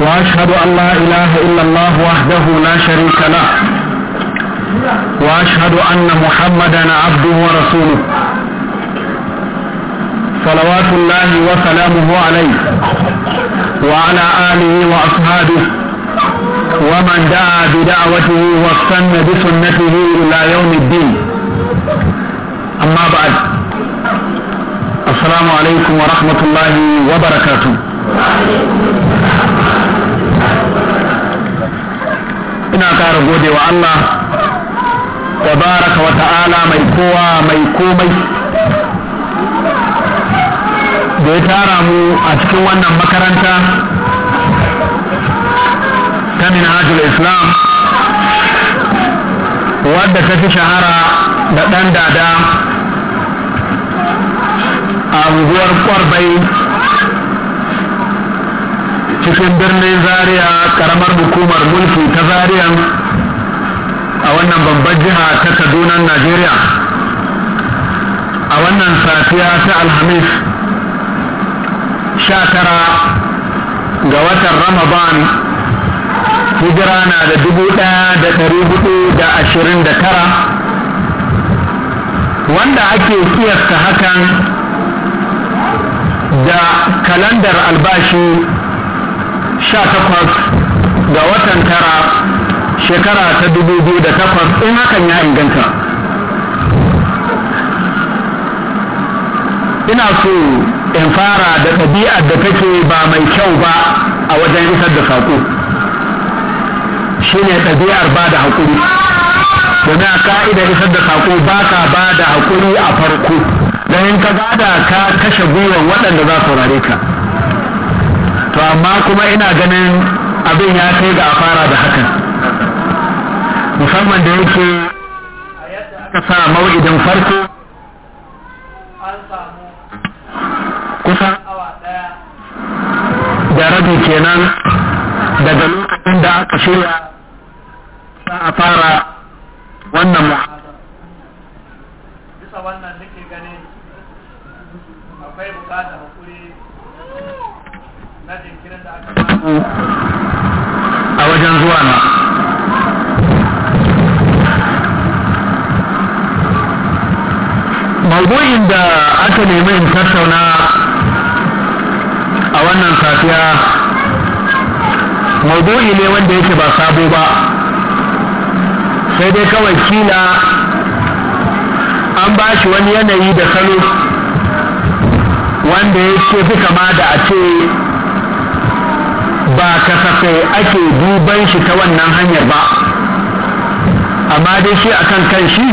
وأشهد أن لا إله إلا الله وحده لا شريك له وأشهد أن محمدا عبده ورسوله صلوات الله وسلامه عليه وعلى آله وأصحابه ومن دعا بدعوته واستنى بسنته إلى يوم الدين أما بعد السلام عليكم ورحمة الله وبركاته ina ƙara gode wa Allah tabaraka wa ta'ala mai kowa mai komai da ya tara mu a cikin wannan makaranta ta minhajul islam wadda ta fi shahara da ɗan dada a unguwar kwarbai cikin birnin zaria karamar hukumar mulki ta zaria a wannan babban jiha ta kaduna najeriya a wannan safiya ta alhamis sha tara ga watan ramadan hijira na da dubu ɗaya da ɗari hudu da ashirin da tara wanda ake kiyasta hakan da kalandar albashi sha takwas ga watan tara shekara ta dubu biyu da takwas in hakan ya inganta ina so in fara da ɗabi'ar da take ba mai kyau ba a wajen isar da saƙo shine ɗabi'ar ba da haƙuri domin a ka'idar isar da saƙo ba ka ba da haƙuri a farko don in ka bada ka kashe gwiwan waɗanda za su rare ka to amma kuma ina ganin abin ya kai ga a fara da hakan musamman da yake aka sa mau'idin farko an samu kusan awa da rabi kenan daga lokacin da aka shirya za a fara wannan mu'adar bisa wannan nake ganin akwai bukatar hukuri a wajen zuwa na maudu'in da aka nemi in tattauna a wannan safiya maudu'i ne wanda yake ba sabo ba sai dai kawai kila an ba shi wani yanayi da salo wanda yake fi kama da a ce ba kasafai ake duban shi ta wannan hanyar ba amma dai shi akan kan shi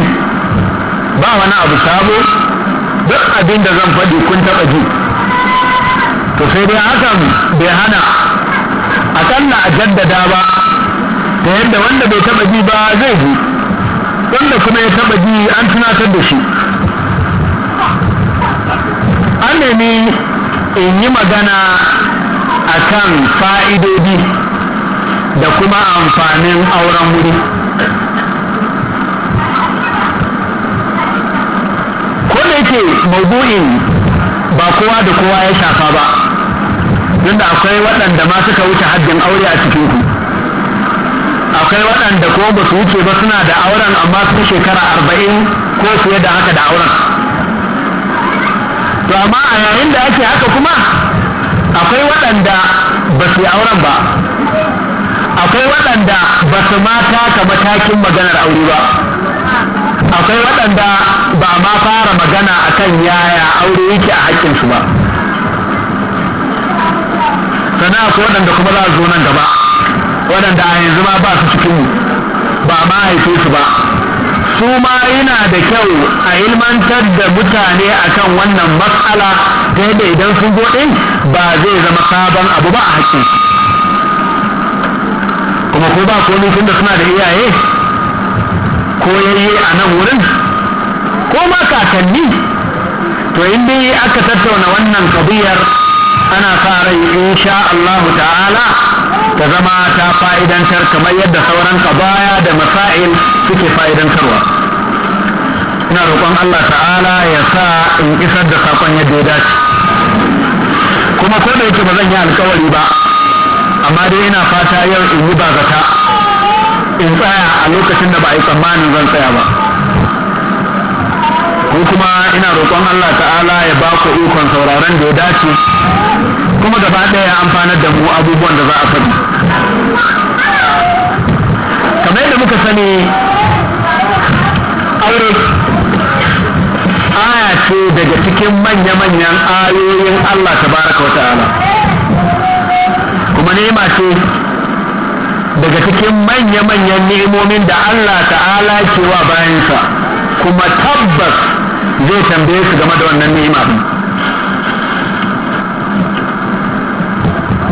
ba wani abu sabo duk abin da zan faɗi kun taɓa ji to sai dai hakan bai hana akalla a jaddada ba ta yadda wanda bai taɓa ji ba zai ji wanda kuma ya taɓa ji an tunatar da shi an nemi in yi magana akan fa'idodi da kuma amfanin auren wuri ko da yake ba kowa da kowa ya shafa ba inda akwai waɗanda ma suka wuce haddin aure a cikin akwai waɗanda ko ba su wuce ba suna da auren amma sun shekara arba'in ko fiye da haka da auren to amma a yayin da ake haka kuma akwai waɗanda ba su yi auren ba akwai waɗanda ba su mata ka matakin maganar aure ba akwai waɗanda ba ma fara magana akan yaya aure yake a haƙƙinsu ba sannan akwai waɗanda kuma za zo nan gaba waɗanda a yanzu ma ba su cikin ba ma haife su ba su ma yana da kyau a ilmantar da mutane akan wannan matsala ta idan sun zo ba zai zama sabon abu ba a haƙƙin kuma ko ba tun tunda suna da iyaye ko yayye a nan wurin ko ma kakanni to in dai aka tattauna wannan kabiyar ana sa rai sha Allahu ta'ala ta zama ta fa'idantar kamar yadda sauran kabaya da masail suke fa'idantarwa ina roƙon Allah ta'ala ya sa in isar da sakon yadda ya dace kuma ko da yake ba zan yi alkawari ba amma dai ina fata yau in yi ba zata in tsaya a lokacin da ba a yi tsammanin zan tsaya ba ko kuma ina roƙon Allah ta'ala ya ba ku ikon sauraron da ya dace kuma gaba ɗaya amfanar da mu abubuwan da za a faɗi kamar yadda muka sani aure ce daga cikin manya-manyan ayoyin Allah tabaraka wa ta'ala kuma ni'ima ce daga cikin manya-manyan ni'imomin da Allah ta'ala ke wa bayansa kuma tabbas zai tambaye su game da wannan ni'ima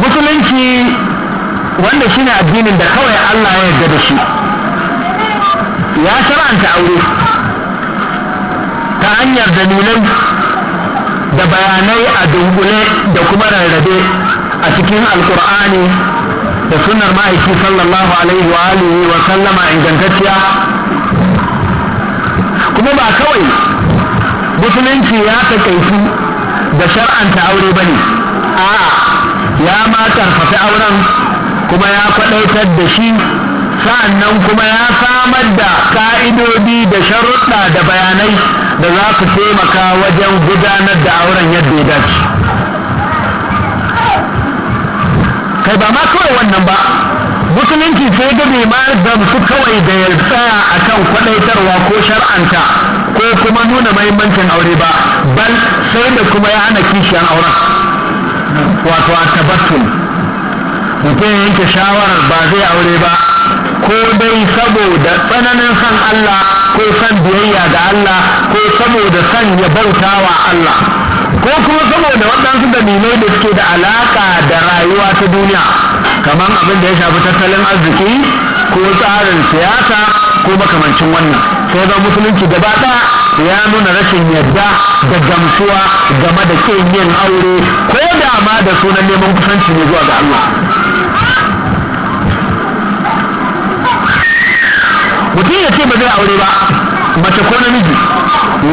musulunci wanda shi ne addinin da kawai Allah ya yarda da shi ya shara'anta aure ta hanyar dalilai da bayanai a dunkule da kuma rarrabe a cikin alkur'ani da sunar ma'aiki sallallahu alaihi wa alihi wa sallama ingantacciya kuma ba kawai musulunci ya takaitu da shar'anta aure ba ne a'a ya ma karfafi auren kuma ya kwadaitar da shi sa'annan kuma ya samar da ka'idodi da sharuɗa da bayanai da za su taimaka wajen gudanar da auren yadda ya dace kai ba ma kawai wannan ba musulunci sai ga bai ma su kawai da ya tsaya kan kwadaitarwa ko shar'anta ko kuma nuna mahimmancin aure ba bal sai da kuma ya hana kishiyar auren wato a tabattul mutum yanke shawarar ba zai aure ba ko dai saboda tsananin san Allah ko san biyayya ga Allah ko saboda san ya bauta wa Allah ko kuma saboda waɗansu dalilai da suke da alaƙa da rayuwa ta duniya kamar abin da ya shafi tattalin arziki ko tsarin siyasa ko makamancin wannan sai ga musulunci gaba ɗaya ya nuna rashin yarda da gamsuwa game da ƙin yin aure ko da ma da sunan neman kusanci ne zuwa ga Allah mutum ya ce ba zai aure ba mace ko namiji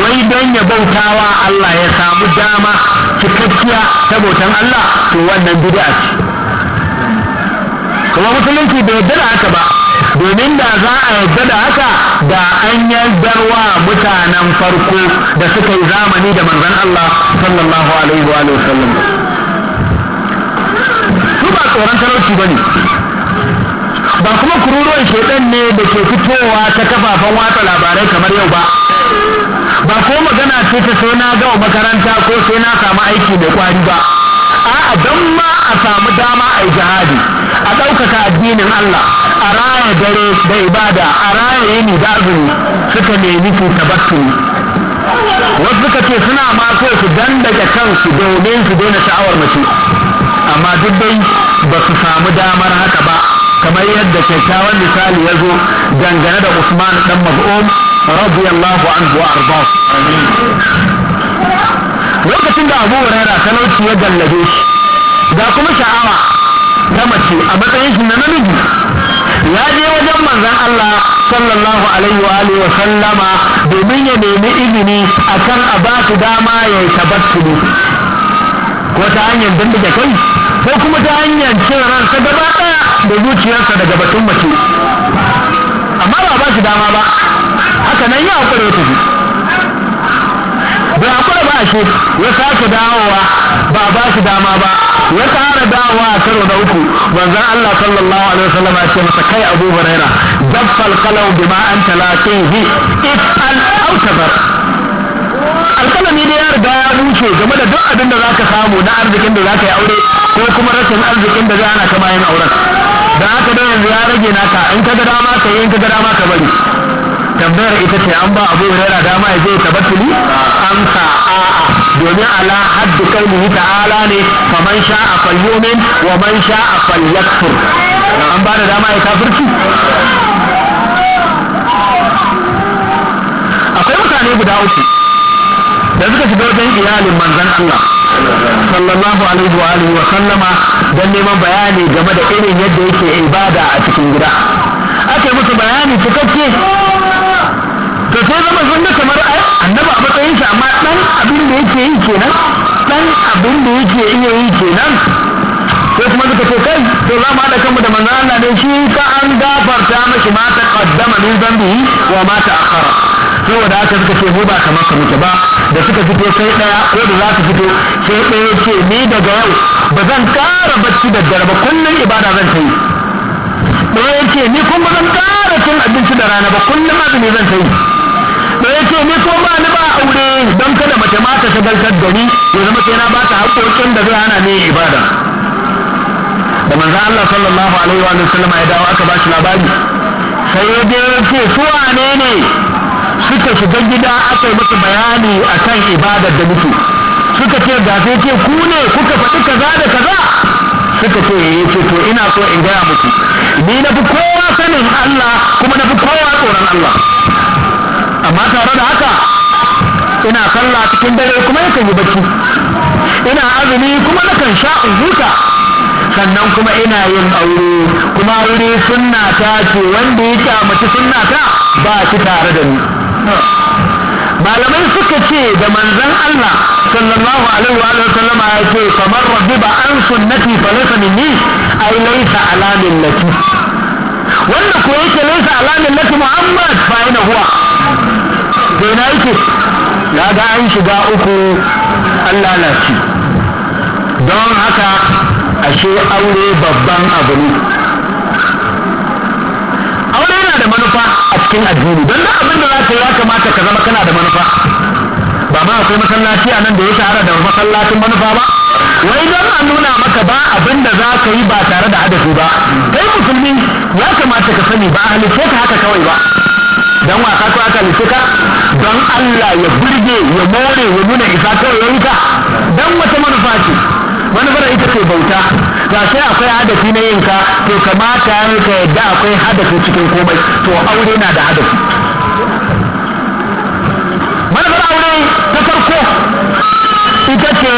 wai don ya bautawa Allah ya samu dama cikakkiya ta bautan Allah to wannan bid'a ce kuma musulunci bai yarda da haka ba domin da za a yarda da haka da an wa mutanen farko da suka yi zamani da manzon Allah sallallahu alaihi wa sallam su ba tsoron talauci bane ba kuma kururuwan shaidan ne da ke fitowa ta kafafen watsa labarai kamar yau ba ba ko magana ce ta sai na gawa makaranta ko sai na samu aiki mai kwari ba a'a don ma a samu dama a jihadi a ɗaukaka addinin Allah a raya dare da ibada a raya yini da azumi suka nemi su tabattuni wasu suka ce suna ma so su daga kansu domin su daina sha'awar mace amma duk dai ba su samu damar haka kamar yadda kyakkyawan misali ya zo dangane da Usman dan Maz'um radiyallahu anhu wa arda lokacin da Abu ta talauci ya gallabe shi da kuma sha'awa ta mace a matsayin shi na namiji ya je wajen manzon Allah sallallahu alaihi wa alihi wa sallama domin ya nemi izini akan a ba su dama ya yi ne ko ta hanyar dindiga kai ko kuma ta hanyar cin ransa gaba ɗaya da zuciyarsa daga batun mace amma ba ba shi dama ba haka nan ya hakura ya tafi bai hakura ba shi ya sake dawowa ba ba shi dama ba ya ƙara dawowa a karo na uku manzon Allah sallallahu alaihi wasallam ya ce masa kai Abu Huraira daffal kalau bima anta laqihi ifal aw tabar alkalami da ya riga ya wuce game da duk abin da za ka samu na arzikin da za ka yi aure ko kuma rashin arzikin da zai hana kama yin auren da aka da yanzu ya rage naka in ka ga dama ka yi in ka ga dama ka bari tambayar ita ce an ba abu hurera dama ya ta tabattuli amsa a'a domin ala haddu kalmihi ta'ala ne sha sha'a falyumin wa man sha'a falyakfur an ba da dama ya kafirci akwai mutane guda uku da suka shiga wajen iyalin manzan Allah sallallahu alaihi wa alihi wa sallama dan neman bayani game da irin yadda yake ibada a cikin gida ake musu bayani cikakke to sai zama sun ga kamar annabi a matsayin shi amma dan abin da yake yi kenan dan abin da yake iya yi kenan sai kuma suka ce kai to za mu haɗa kanmu da manzan Allah ne shi ka an gafarta mashi ma ta qaddama min dhanbihi wa ma ta akhara saboda aka suka ce mu ba kamar ka muke ba da suka fito sai daya ko da za su fito sai daya ce ni daga yau ba zan kara bacci da dare ba kullum ibada zan ta yi daya ce ni kuma zan kara cin abinci da rana ba kullum azumi zan ta yi daya ce ni ko ba ni ba aure don kada mace ma ta shagaltar da ni ya zama sai na ba ta haƙoƙin da zai hana ni ibada da manzan Allah sallallahu alaihi wa sallama ya dawo aka ba shi labari sai ya je ce su wane ne suka shiga gida aka yi musu bayani kan ibadar da mutu suka ce da sai ce ku ne kuka faɗi kaza da kaza suka ce eh, ya ce to ina so in gaya muku ni na fi kowa sanin Allah kuma na fi kowa tsoron Allah amma tare da haka ina sallah cikin dare kuma yakan yi bacci ina azumi kuma na kan sha in huta sannan kuma ina yin aure kuma aure sunna ta ce wanda ya kyamaci sunna ta ba shi tare da ni malamai suka ce da manzan Allah sallallahu alaihi wa sallama ya ce kamar rabbi ba an sunnati fa laysa minni ay laysa ala laki wanda ko yake laysa ala laki muhammad fa ina huwa to ina yake ya ga an shiga uku Allah na don haka ashe aure babban abu ne a cikin addini don da abin da za ka yi ya kamata ka zama kana da manufa ba ma akwai masallaci a nan da ya shahara da masallacin manufa ba wai don a nuna maka ba abin da za ka yi ba tare da hadafi ba kai musulmi ya kamata ka sani ba a halitta ka haka kawai ba don wasa ko aka halitta ka don Allah ya burge ya more ya nuna isa kawai ya yi ka don wata manufa ce manufar ita ce bauta ga sai akwai hadafi na yinka to kamata ka yadda akwai hadafi cikin komai to aure na da hadafi manufar aure ta farko ita ce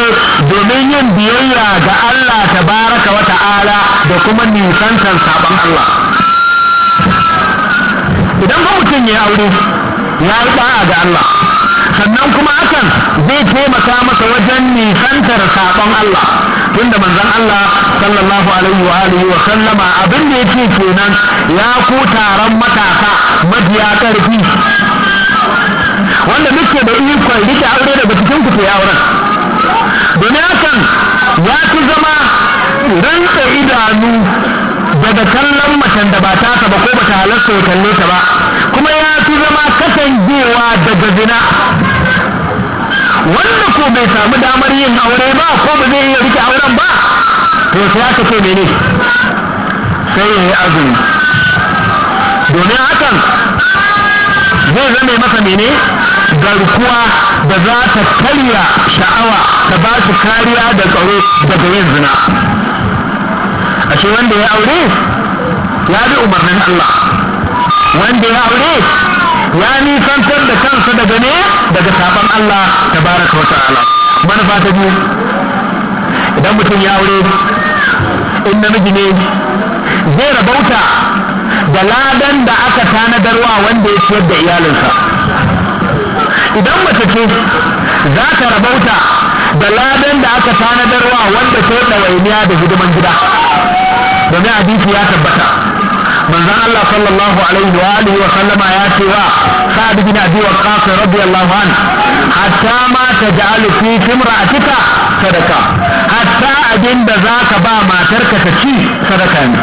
domin yin biyayya ga Allah Ta baraka wata ta'ala da kuma nisantar sabon Allah idan ba mutum ya aure ya yi da'a ga Allah sannan kuma hakan zai taimaka masa wajen nisantar sabon Allah tunda manzon Allah sallallahu alaihi wa alihi wa sallama abin da yake kenan ya ku taron matasa majiya ƙarfi wanda muke da ikon rike aure daga cikin ku ke auren domin hakan ya fi zama rantsa idanu daga kallon macen da ba ta ba ko ba ta halarta ya kalle ta ba kuma ya fi zama kasancewa daga zina wanda ko bai samu damar yin aure ba ko ba zai iya rike auren ba to sai aka ce mene sai ya yi azumi domin hakan zai zame masa mene garkuwa da za ta karya sha'awa ta ba su kariya da tsaro daga yin zina ashe wanda ya aure ya bi umarnin Allah wanda ya aure ya nisantar da kansa daga ne daga sabon Allah baraka wa ta'ala manufa ta biyu idan mutum ya aure in namiji ne zai rabauta da ladan da aka tanadarwa wanda ya ciyar da iyalinsa idan mace ce za ta rabauta da ladan da aka tanadarwa wanda ta yi da hidiman gida domin hadisi ya tabbata manzon Allah sallallahu alaihi wa alihi wa sallama ya ce wa sa'ad bin abi waqqas radiyallahu an hatta ma taj'alu fi timra'atika sadaka hatta abin da zaka ba matarka ta ci sadaka ne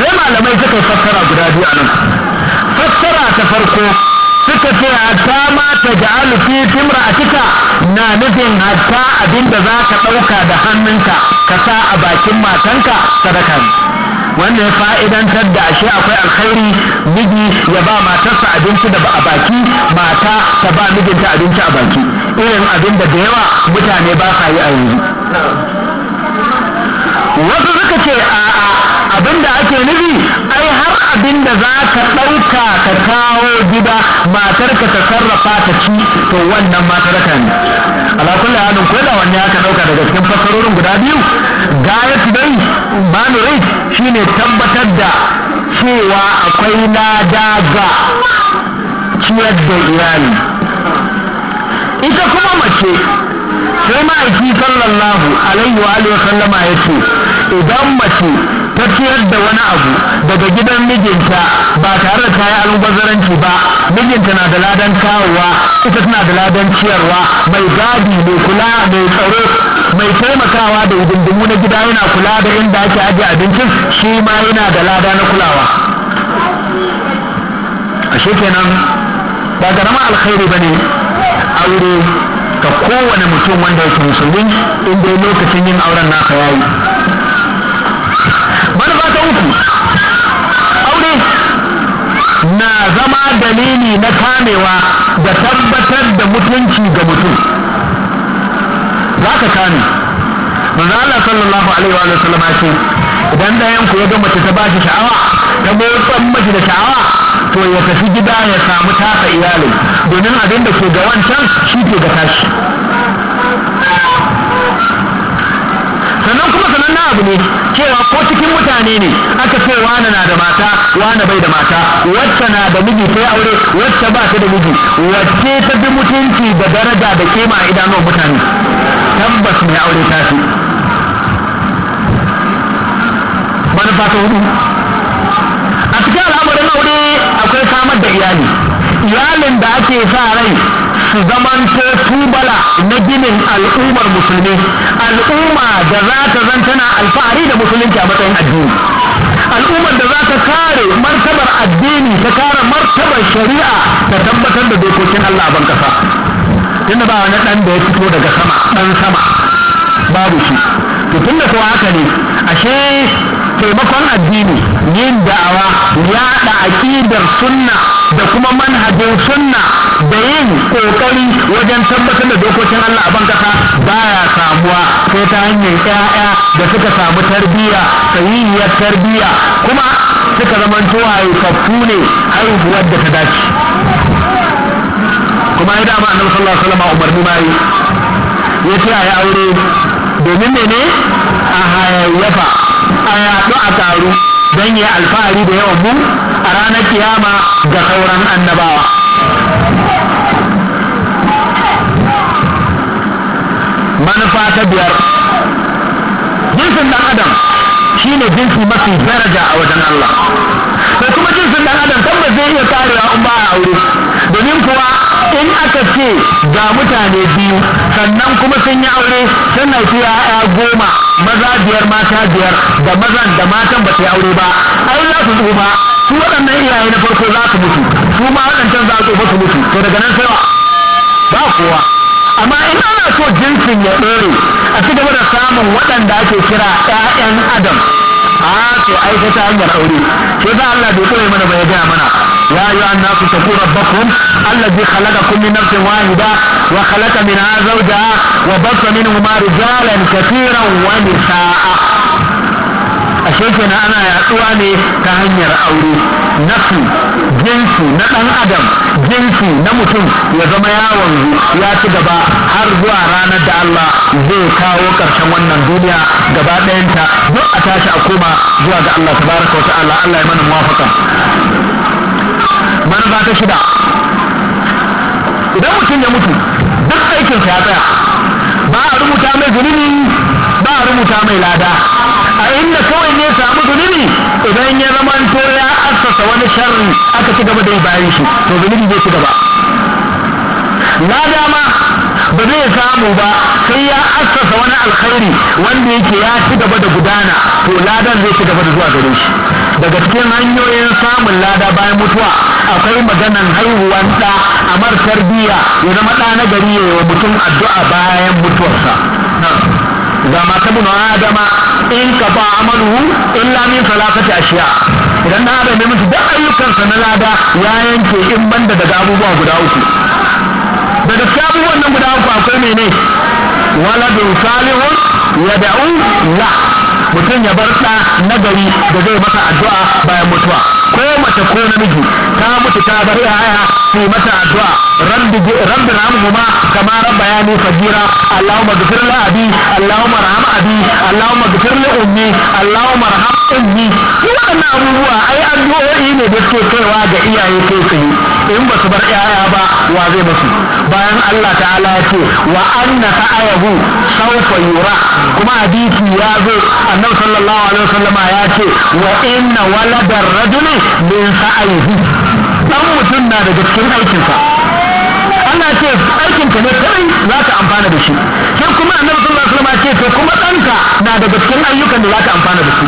sai malamai suka fassara guda biyu anan fassara ta farko suka ce hatta ma taj'alu fi timra'atika na nufin hatta abin da zaka dauka da hannunka ka sa a bakin matanka sadaka ne wannan ya fa'idantar da ashe akwai alkhairi miji ya ba matarsa abinci da a baki mata ta ba mijinta abinci a baki irin abin da da yawa mutane ba sa yi a yanzu wasu suka ce a abin da ake nufi ai abin da za ka ɗauka ka kawo gida matarka ta sarrafa ta ci to wannan ka ne ala kulli halin ko da wanne aka ɗauka daga cikin fasarorin guda biyu gayat dai banu rai ne tabbatar da cewa akwai lada ga ciyar da iyali ita kuma mace sai ma'aiki sallallahu alaihi wa alaihi wa sallama ya ce idan mace tafiyar da wani abu daga gidan mijinta ba tare da kayan almubazzaranci ba mijinta na da ladan kawowa ita tana da ladan ciyarwa mai gadi mai kula mai tsaro mai taimakawa da hidindimu na gida yana kula da inda ake ajiye abincin shi ma yana da lada na kulawa ashe kenan ba karama alkhairi bane aure ga kowane mutum wanda yake musulmi in dai lokacin yin auren naka yayi Ku aure na zama dalili na kamewa da tabbatar da mutunci ga mutum za ka kame manzo Allah sallallahu alaihi wa sallam ce idan da yanku ya ga ta bashi sha'awa ta motsan mace da sha'awa to ya tafi gida ya samu taka iyalin domin abin da ke ga wancan shi ke ga tashi sannan kuma na abu ne cewa ko cikin mutane ne aka ce wane na da mata wane bai da mata wacce na da miji sai aure wacce ba ta da miji wacce ta bi mutunci da daraja da kima a mutane tabbas mai aure ta fi manufa ta hudu a cikin al'amarin aure akwai samar da iyali iyalin da ake sa rai su zamanto tubala na ginin al'ummar musulmi al'umma da za ta zan tana alfahari da musulunci a matsayin addini al'ummar da za ta kare martabar addini ta kare martabar shari'a ta tabbatar da dokokin Allah a ban kasa tunda ba wani dan da ya fito daga sama dan sama babu shi to tunda kuwa haka ne ashe taimakon addini yin da'awa yaɗa aƙidar sunna da kuma manhajin sunna da yin kokari wajen tabbatar da dokokin Allah a bankasa ya samuwa sai ta hanyar ƴaƴa da suka samu tarbiyya sahiyyar tarbiyya kuma suka yi kafu ne haihuwar da ta dace kuma ya dama annabi sallallahu alaihi wasallam umarni ya ce a yi aure domin ne a hayayyafa a yaɗu a taru don ya alfahari da yawan mu a ranar kiyama ga sauran annabawa manufa ta biyar jinsin dan adam shine jinsi mafi daraja a wajen Allah da kuma jinsin dan adam tabbas zai iya karewa in ba a aure domin kuwa in aka ce ga mutane biyu sannan kuma sun yi aure sun haifi ya'ya goma maza biyar mata biyar da mazan da matan ba su yi aure ba ai za su ba su waɗannan iyaye na farko za su mutu su ma waɗancan za su su mutu to daga nan sai ba kowa amma in ana so jinsin ya ɗore a ci gaba da samun waɗanda ake kira 'ya'yan adam a to ai hanyar aure sai za Allah bai koya mana ba ya gaya mana يا ايها الناس اتقوا ربكم الذي خلقكم من نفس واحده وخلق منها زوجها وبث منهما رجالا كثيرا ونساء أشيكنا أنا يا أخواني كهنير أوري نفسي جنسي نتن أدم جنسي نمتن يزم يا ونزي يا تقبا هرزو أرانا دا الله زي كاو كرشا ونن دوليا قبا دينتا دو أتاش أقوما زوا دا الله تبارك وتعالى الله يمن موافقا ba ta shida idan mutum ya mutu duk aikinsa ya tsaya ba a rubuta mai zunubi ba a rubuta mai lada a inda kawai ne samu zunubi idan ya zama to ya assasa wani sharri aka ci gaba da yi bayan shi to zunubi zai ci gaba lada ma ba zai samu ba sai ya assasa wani alkhairi wanda yake ya ci gaba da gudana to ladan zai ci gaba da zuwa gare shi daga cikin hanyoyin samun lada bayan mutuwa akwai maganan haihuwan ɗa a martar biya ya zama ɗa na gari ya wa mutum addu'a bayan mutuwarsa ga mata bin adama in ka ba amalu illa min salafati shiya. idan na haɗa ya mutu duk ayyukansa na lada ya yanke in banda daga abubuwa guda uku Da daga abubuwan nan guda uku akwai mene bin salihun yada'u la mutum ya bar ɗa nagari da zai masa addu'a bayan mutuwa ko mace ko namiji ta mutu ta bar yaya في مساء الدعاء رب رب رحمهما كما رب يعني فجيرا اللهم اغفر لها ابي اللهم ارحم ابي اللهم اغفر لامي اللهم ارحم امي وانا ابوها اي ادعوه ايه ده كي يعني كيوا ده ايه ايه كي كي ان بس بر ايه ابا واضح بس بان الله تعالى يكي وانا فأيه سوف يرى كما حديث يازو النبي صلى الله عليه وسلم ياكي وان ولد الرجل من فأيه dan mutum na daga cikin aikinsa ana ce aikinka ne kai za ka amfana da shi sai kuma annabi sallallahu alaihi wasallam ce to kuma ɗanka na da cikin ayyukan da za ka amfana da shi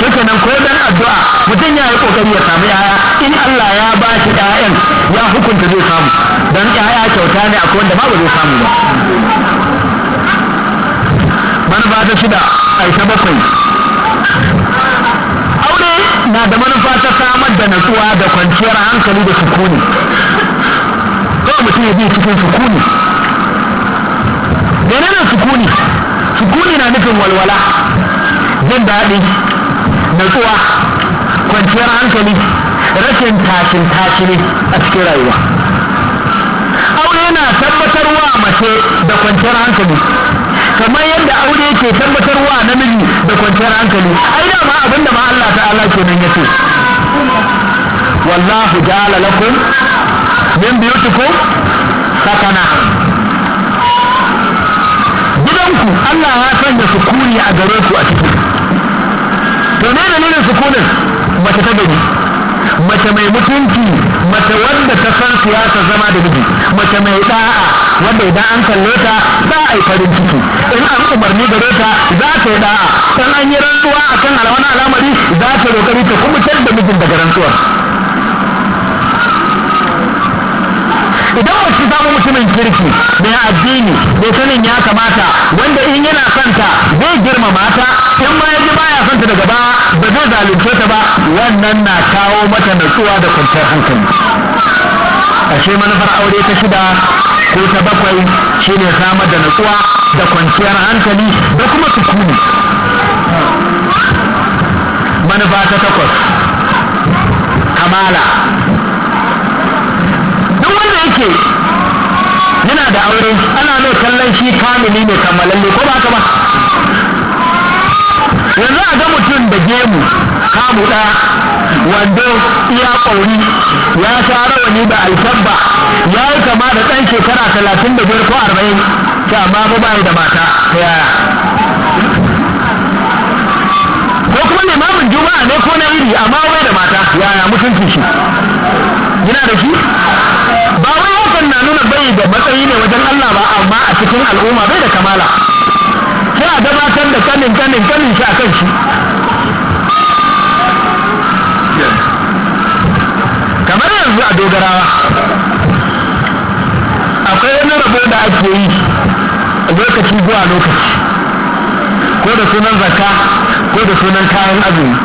shi kenan ko dan addu'a mutum ya yi kokari ya samu yaya in Allah ya ba shi ƴaƴan ya hukunta zai samu dan 'ya'ya kyauta ne akwai wanda ba zai samu ba manufa ta shida aisha bakwai na da manufa ta samar da natsuwa da kwanciyar hankali da sukuni kawai mutum ya bi cikin sukuni menene sukuni sukuni na nufin walwala jin daɗi natsuwa kwanciyar hankali rashin tashin tashini a cikin rayuwa aure na tabbatarwa mace da kwanciyar hankali kamar yadda aure yake tabbatarwa namiji da kwanciyar hankali ai da ma abinda ma Allah ta'ala kenan yace wallahu ja'ala lakum min biyutikum sakana gidanku Allah ya sanya sukuni a gare ku a ciki to ne dalilin sukunin mace ta gani. mace mai mutunci mace wanda ta san siyasa zama da miji mace mai da'a wanda idan an kalle ta za a yi farin ciki in an umarni gare ta za ta yi da'a kan an yi rantsuwa a kan alwani al'amari za ta roƙari ta kubutar da mijin daga rantsuwar idan wasu samu mutumin kirki mai addini mai sanin ya kamata wanda in yana santa zai girmama ta in ma yaji baya santa daga ba ba zai zalunce ta ba wannan na kawo mata natsuwa da kwanciyar hankali ashe manufar aure ta shida ko ta bakwai ne samar da natsuwa da kwanciyar hankali da kuma sukuni manufa ta takwas kamala duk wanda yake yana da aure ana mai kallon shi kamili ne kammalalle ko ba ba yanzu a ga mutum da gemu kamu ɗaya wando iya ƙauri ya sha rawani da alfabba ya yi kama da ɗan shekara talatin da biyar ko arba'in ta amma ba bayi da mata ta yaya ko kuma limamin juma'a ne ko na iri amma wai da mata yaya mutuncin shi yana da shi ba wai hakan na nuna bai da matsayi ne wajen Allah ba amma a cikin al'umma bai da kamala sai gabatar da kanin kanin kanin shi a kan shi kamar yanzu a dogarawa akwai wani rabo da ake yi a lokaci zuwa lokaci ko da sunan zaka ko da sunan kayan azumi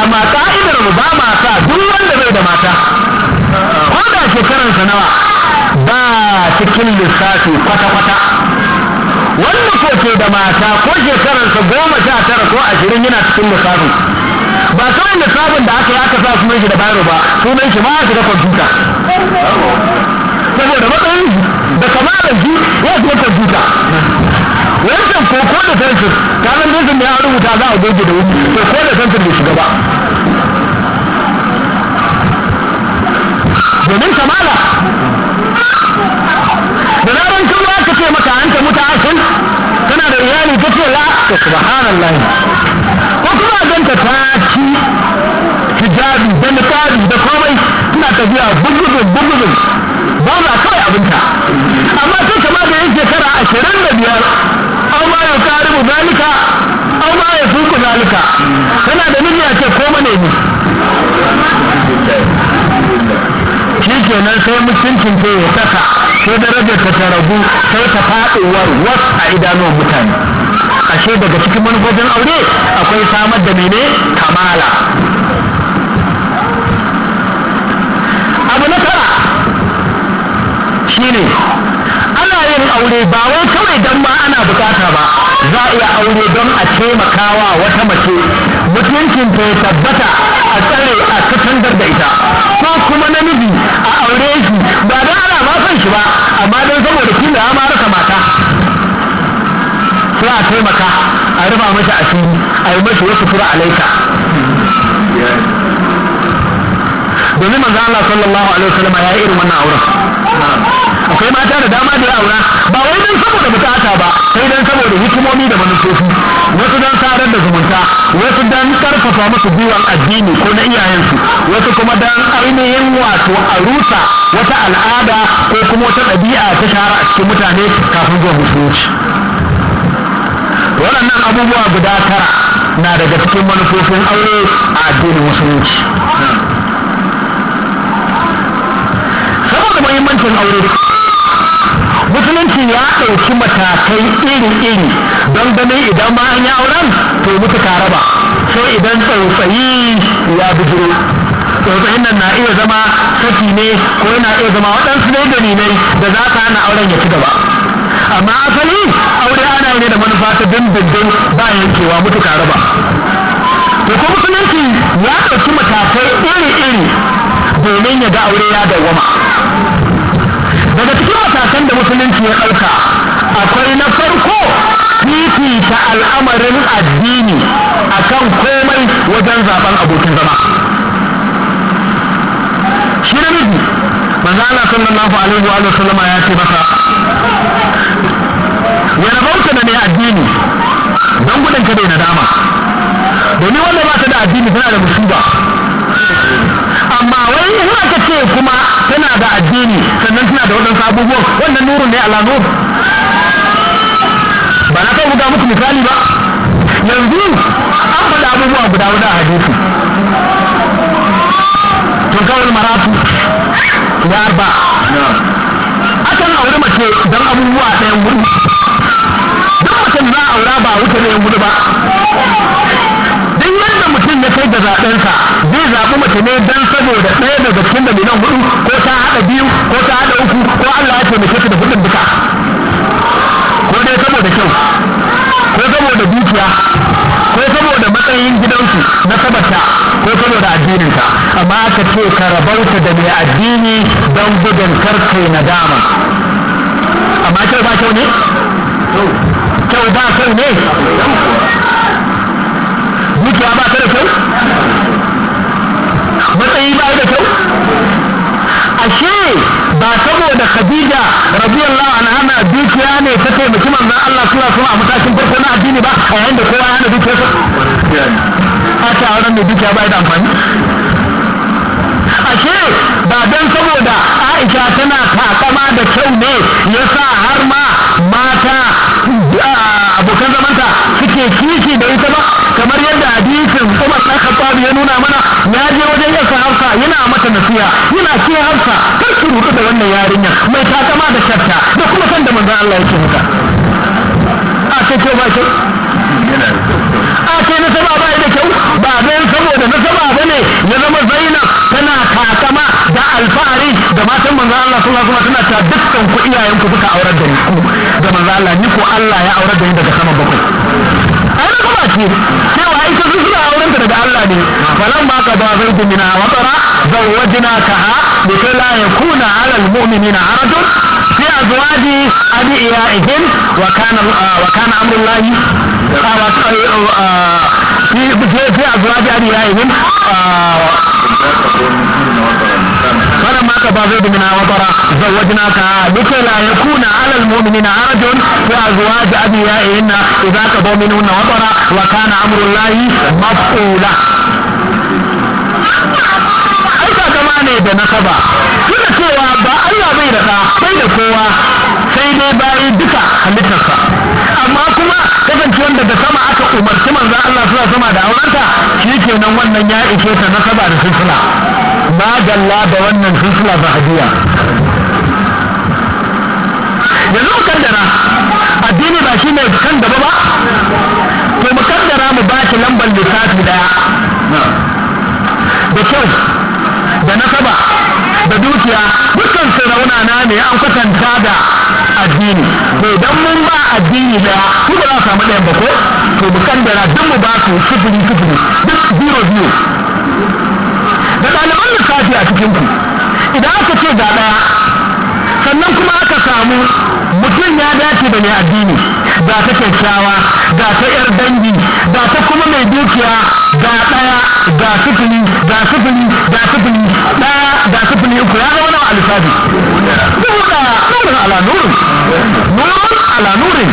amma ka'idar mu ba ma duk wanda bai da mata ko da sa nawa ba cikin lissafi kwata-kwata wanda ko ke da mata ko sa goma sha tara ko ashirin yana cikin lissafin ba kawai lissafin da aka yi aka sa sunan shi da bayro ba sunan shi ma shi da kwamfuta saboda matsayin shi da kamalar shi ya kuma kwamfuta wancan ko ko da sensor ta nan sensor ne ya rubuta za a goge da wuce to ko da sensor bai shiga ba domin kamala da zaran kan ba ka ce maka an ta muta kana da iyali ta ce la to subhanallah ko kuma ganta ta ci hijabi da niqabi da komai tana tafiya bugudu bugudu ba za kawai abinta amma sai kama da yin shekara ashirin da biyar an ma ya karibu zalika an ma ya suku zalika tana da niyya ce ko mane ne shi kenan sai mutuncin ke ya saka sai darajar ta ta ragu sai ta faɗuwar wasu a idanuwan mutane ashe daga cikin manufofin aure akwai samar da mene kamala ne ana yin aure ba wai kawai dan ma ana bukata ba za a iya aure don a taimakawa wata mace mutuncin ta ya tabbata a tsare a katangar da ita ko kuma namiji a aure shi ba don ana ma son shi ba amma don saboda kila ya ma rasa mata sai a taimaka a rufa masa asiri a yi mashi wasu fura alaika domin manzo Allah sallallahu alaihi wasallam ya yi irin wannan auren akwai mata da dama da aura ba wai dan saboda bukata ba sai dan saboda hikimomi da manufofi wasu dan sadar da zumunta wasu dan karfafa musu biwan addini ko na iyayensu wasu kuma dan ainihin wato a rusa wata al'ada ko kuma wata ɗabi'a ta shahara a cikin mutane kafin zuwa musulunci waɗannan abubuwa guda tara na daga cikin manufofin aure a addinin musulunci muhimmancin aure musulunci ya ɗauki matakai iri-iri don ganin idan ma an yi auren to mutu tare ba sai idan tsautsayi ya bijiro tsautsayin nan na iya zama saki ne ko yana iya zama waɗansu ne dalilai da za ka hana auren ya ci gaba amma asali aure ana ne da manufa ta dindindin ba yankewa mutu tare ba to musulunci ya ɗauki matakai iri-iri domin ya ga aure ya dawwama fi halka akwai na farko ta al'amarin addini akan komai wajen zaben abokin zama shi da miji manzo Allah sallallahu alaihi wa sallam ya ce masa ya rabauta da ne addini don gudun ka da nadama domin wanda ba ta da addini tana da musuba nan suna da waɗansu abubuwan wannan nurun ne ala nur ba na kan buga muku misali ba yanzu an faɗi abubuwa guda guda a hadisi tun kawai maratu ya arba akan aure mace don abubuwa ɗayan wuri don mutum za a aura ba wuce ɗayan wuri ba duk yadda mutum ya kai da zaɓensa zai zaɓi mace ne saboda ɗaya daga cikin dalilan hudu ko ta haɗa biyu ko ta haɗa uku ko Allah ya taimake ka da hudun duka ko dai saboda kyau ko saboda dukiya ko saboda matsayin gidansu na sabata ko saboda addininka amma aka ce ka rabauta da mai addini don gudun karkai nadama amma kyau ba kyau ne kyau ba kyau ne dukiya ba ta da kyau matsayi ba da kyau ashe ba saboda khadija radiyallahu anha na dukiya ne ta taimaki manzon Allah sallallahu alaihi a matakin farko na addini ba a yayin da kowa yana dukiya sa a ta auren mai dukiya ba da amfani ashe ba dan saboda Aisha tana takama da kyau ne yasa har ma mata abokan zamanta suke kishi da ita ba kamar yadda hadisin Umar ɗan Khattab ya nuna mana na je wajen yin hafsa yana mata nasiya yana ce hafsa kar ki rubuta da wannan yarinyar mai takama da sharta da kuma san da manzon Allah yake a ce ke ba ce a ce na saba ba da kyau ba dai saboda na saba ne ya zama Zainab tana takama da alfahari da matan manzon Allah sallallahu alaihi tana ta dukkan ku iyayen ku suka aurar da ni da manzon Allah ni ko Allah ya aurar da ni daga sama bakwai ce cewa ita zuciya auren ta daga Allah ne falan ba ka da zaitun mina wa tsara zawajina ka ha da kai la ya kuna alal mu'minina harajun fi azwaji adiyaihim wa kana wa kana amrullahi fi azwaji adiyaihim فقضى زيد منها وطرا زوجناكها لكي لا يكون على المؤمنين عرج في ازواج ادعيائهن اذا قضوا منهن وطرا وكان امر الله مفعولا aika kama ne da nasaba duk cewa ba Allah bai da ka bai da kowa sai dai bayi duka halittarsa amma kuma kasancewar daga sama aka umarci manzan Allah suna sama da aurenta shi kenan wannan ya ishe ta nasaba da silsila madalla da wannan hisla zahabiya yanzu kaddara addini ba shi ne kan gaba ba to mu kaddara mu ba ki lambar lissafi daya da kyau da nasaba da dukiya dukkan su na ne an kwatanta da addini to idan mun ba addini daya ku ba za ku samu ɗayan ba ko to mu kaddara duk mu ba su sifiri sifiri duk zero zero da ɗaliban lissafi a cikin ku idan aka ce ga ɗaya sannan kuma aka samu mutum ya dace da mai addini ga ta kyakkyawa ga ta yar dangi ga ta kuma mai dukiya ga ɗaya ga sifili ga sifili ga sifili ɗaya ga sifili uku ya zama nawa alisabi dubu nurin ala nurin nurin ala nurin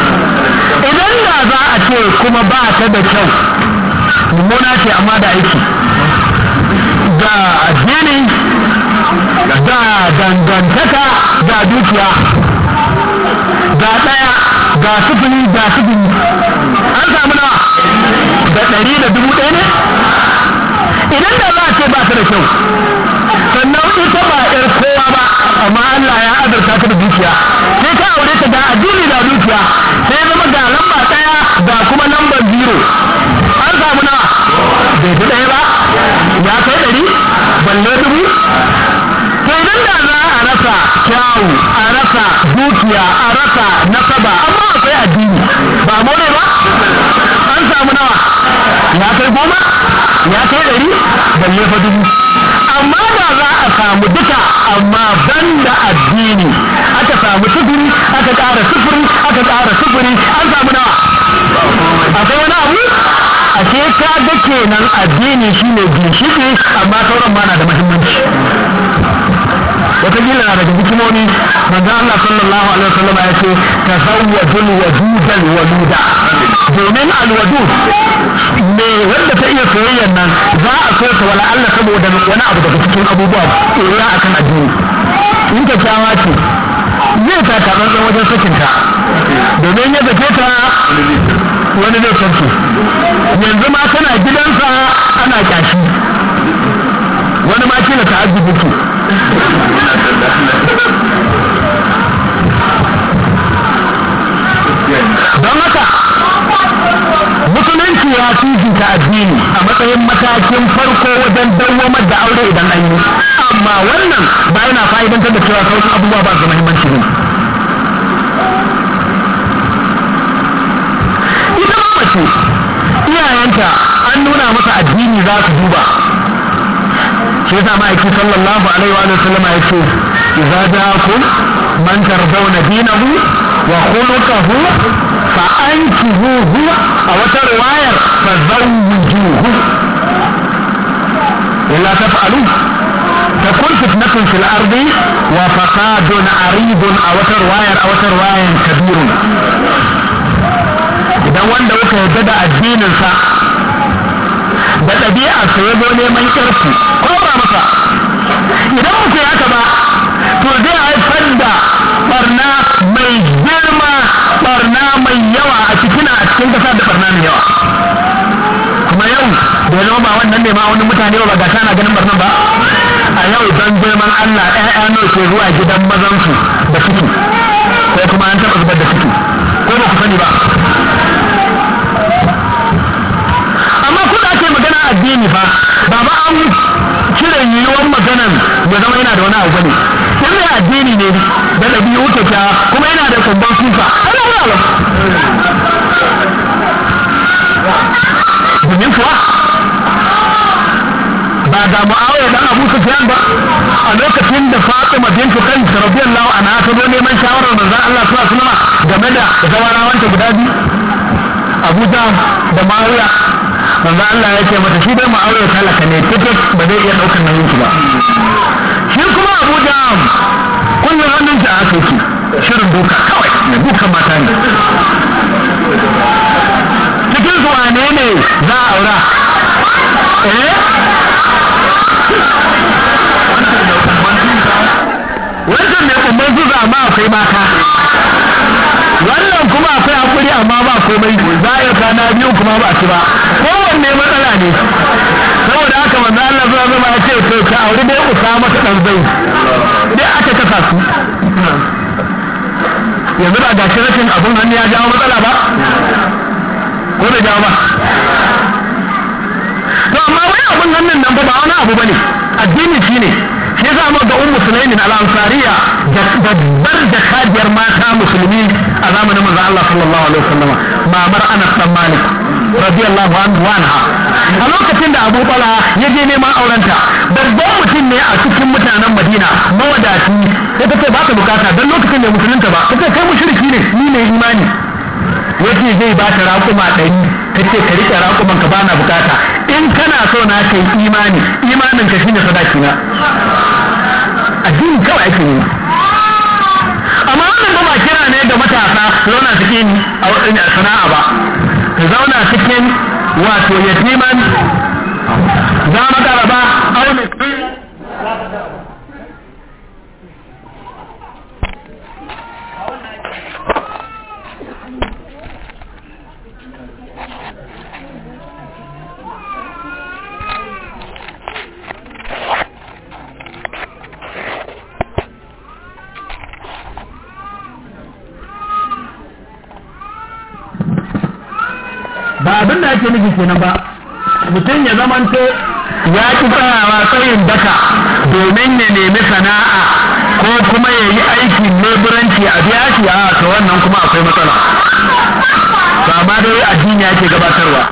idan da za a ce kuma ba ta da kyau mummuna ce amma da aiki da addini da dangantaka da dukiya da daya da sufuri da sufuri an samu nawa da ɗari da dubu ɗaya ne idan da za a ce ba ta da kyau sannan ita ba yar kowa ba amma Allah ya adarta ta da dukiya sai ta aure ta da addini da dukiya sai zama ga lamba ɗaya da kuma lambar biro an samu nawa bai fi ɗaya ba ya kai ɗari balle dubu to idan da za a rasa kyawu a rasa dukiya a rasa nasaba amma akwai addini ba more ba an samu nawa ya kai goma ya kai ɗari balle fa dubu amma da za a samu duka amma banda addini aka samu sufuri aka ƙara sufuri aka ƙara sufuri an samu nawa akwai wani abu ashe ka ga kenan addini ne ginshiki amma sauran ma na da mahimmanci watakila na daga hikimomi manzo Allah sallallahu alaihi wasallam ya ce tazawwajul wadudal waluda domin alwadu me wanda ta iya soyayyar nan za a so ta wala Allah saboda wani abu daga cikin abubuwa tsoriya akan addini in ta kyawa ce zai ta karɓar wajen sakinta domin ya zake ta wani zai canto yanzu ma kana gidansa ana kyashi wani ma kila ta ajiye don haka musulunci ya ta addini a matsayin matakin farko wajen dawwamar da aure idan an yi amma wannan ba yana fa'idantar da cewa sauran abubuwa ba su muhimmanci ne su iyayenta an nuna masa addini za su duba shi yasa ma'aiki sallallahu alaihi wa sallam ya ce idza ja'akum man tardawna dinahu wa khuluquhu fa ankihuhu a wata riwayar fa zawwijuhu illa taf'alu تكون فتنة في الأرض وفقاد عريض أو رواية أو رواية كبير dan wanda kuka yarda da addininsa da ɗabi'a ya zo neman ƙarfi ko ba masa idan muku ya ba to zai haifar da barna mai girma barna mai yawa a cikin a cikin ƙasa da barna mai yawa kuma yau da ya zama ba wannan ne ma wani mutane ba ga kana ganin barnan ba a yau don girman Allah ƴaƴa nawa ke zuwa gidan mazansu da suke ko kuma an taɓa zubar da suke ko ba ku sani ba amma kuɗa ake magana addini fa ba ba an cire yiwuwar maganan ya zama yana da wani abu ne in mai addini ne da wuce ta kuma yana da kumbar kufa ana wani alam domin kuwa ba ga mu'awaya dan abu sufyan ba a lokacin da fatima bintu kan radiyallahu anha ta zo neman shawarar manzon Allah sallallahu alaihi game da zawarawanta guda biyu Abuja da ma'auya manzo Allah ya ce mata shi dai ma'auya talaka ne titik ba zai iya daukar nauyin ki ba shi kuma Abuja da kullum hannun a haka shirin duka kawai ne duka mata ne cikin su wane ne za a aura eh wancan mai kuma zuwa ma akwai mata wannan kuma kuɗi amma ba komai za a kwana biyu kuma ba su ba kowanne matsala ne saboda aka manzo Allah zuwa zama ya ce to ka auri dai usama ta dan zai dai aka kasa su yanzu ba gashi rashin abin hannu ya jawo matsala ba ko bai jawo ba to amma wani abun hannun nan ba wani abu bane addini shine shi zama mu ga ummu sulaimin al-ansariya da babbar da jakadiyar mata musulmi a zamanin manzo Allah sallallahu alaihi wasallam mamar Anas bin Malik radiyallahu anhu anha a lokacin da Abu Talha ya je neman aurenta babban mutum ne a cikin mutanen Madina mawadaci sai ta ce ba ta bukata dan lokacin da musulunta ba ta kai mushriki ne ni ne imani yace zai ba ta raƙuma ɗari ta ce ka riƙe raƙuman ka bana bukata in kana so na kai imani imanin ka shine sadaki na addini kawai ake yi da matasa zauna cikin sana'a ba ka zauna cikin wato yatiman za mu karaba au miskin ba abin da ake nufi kenan ba mutum ya zamanto ya ki tsayawa tsayin daka domin ya nemi sana'a ko kuma ya yi aikin leburanci a biya shi a ta wannan kuma akwai matsala ba ma dai addini ake gabatarwa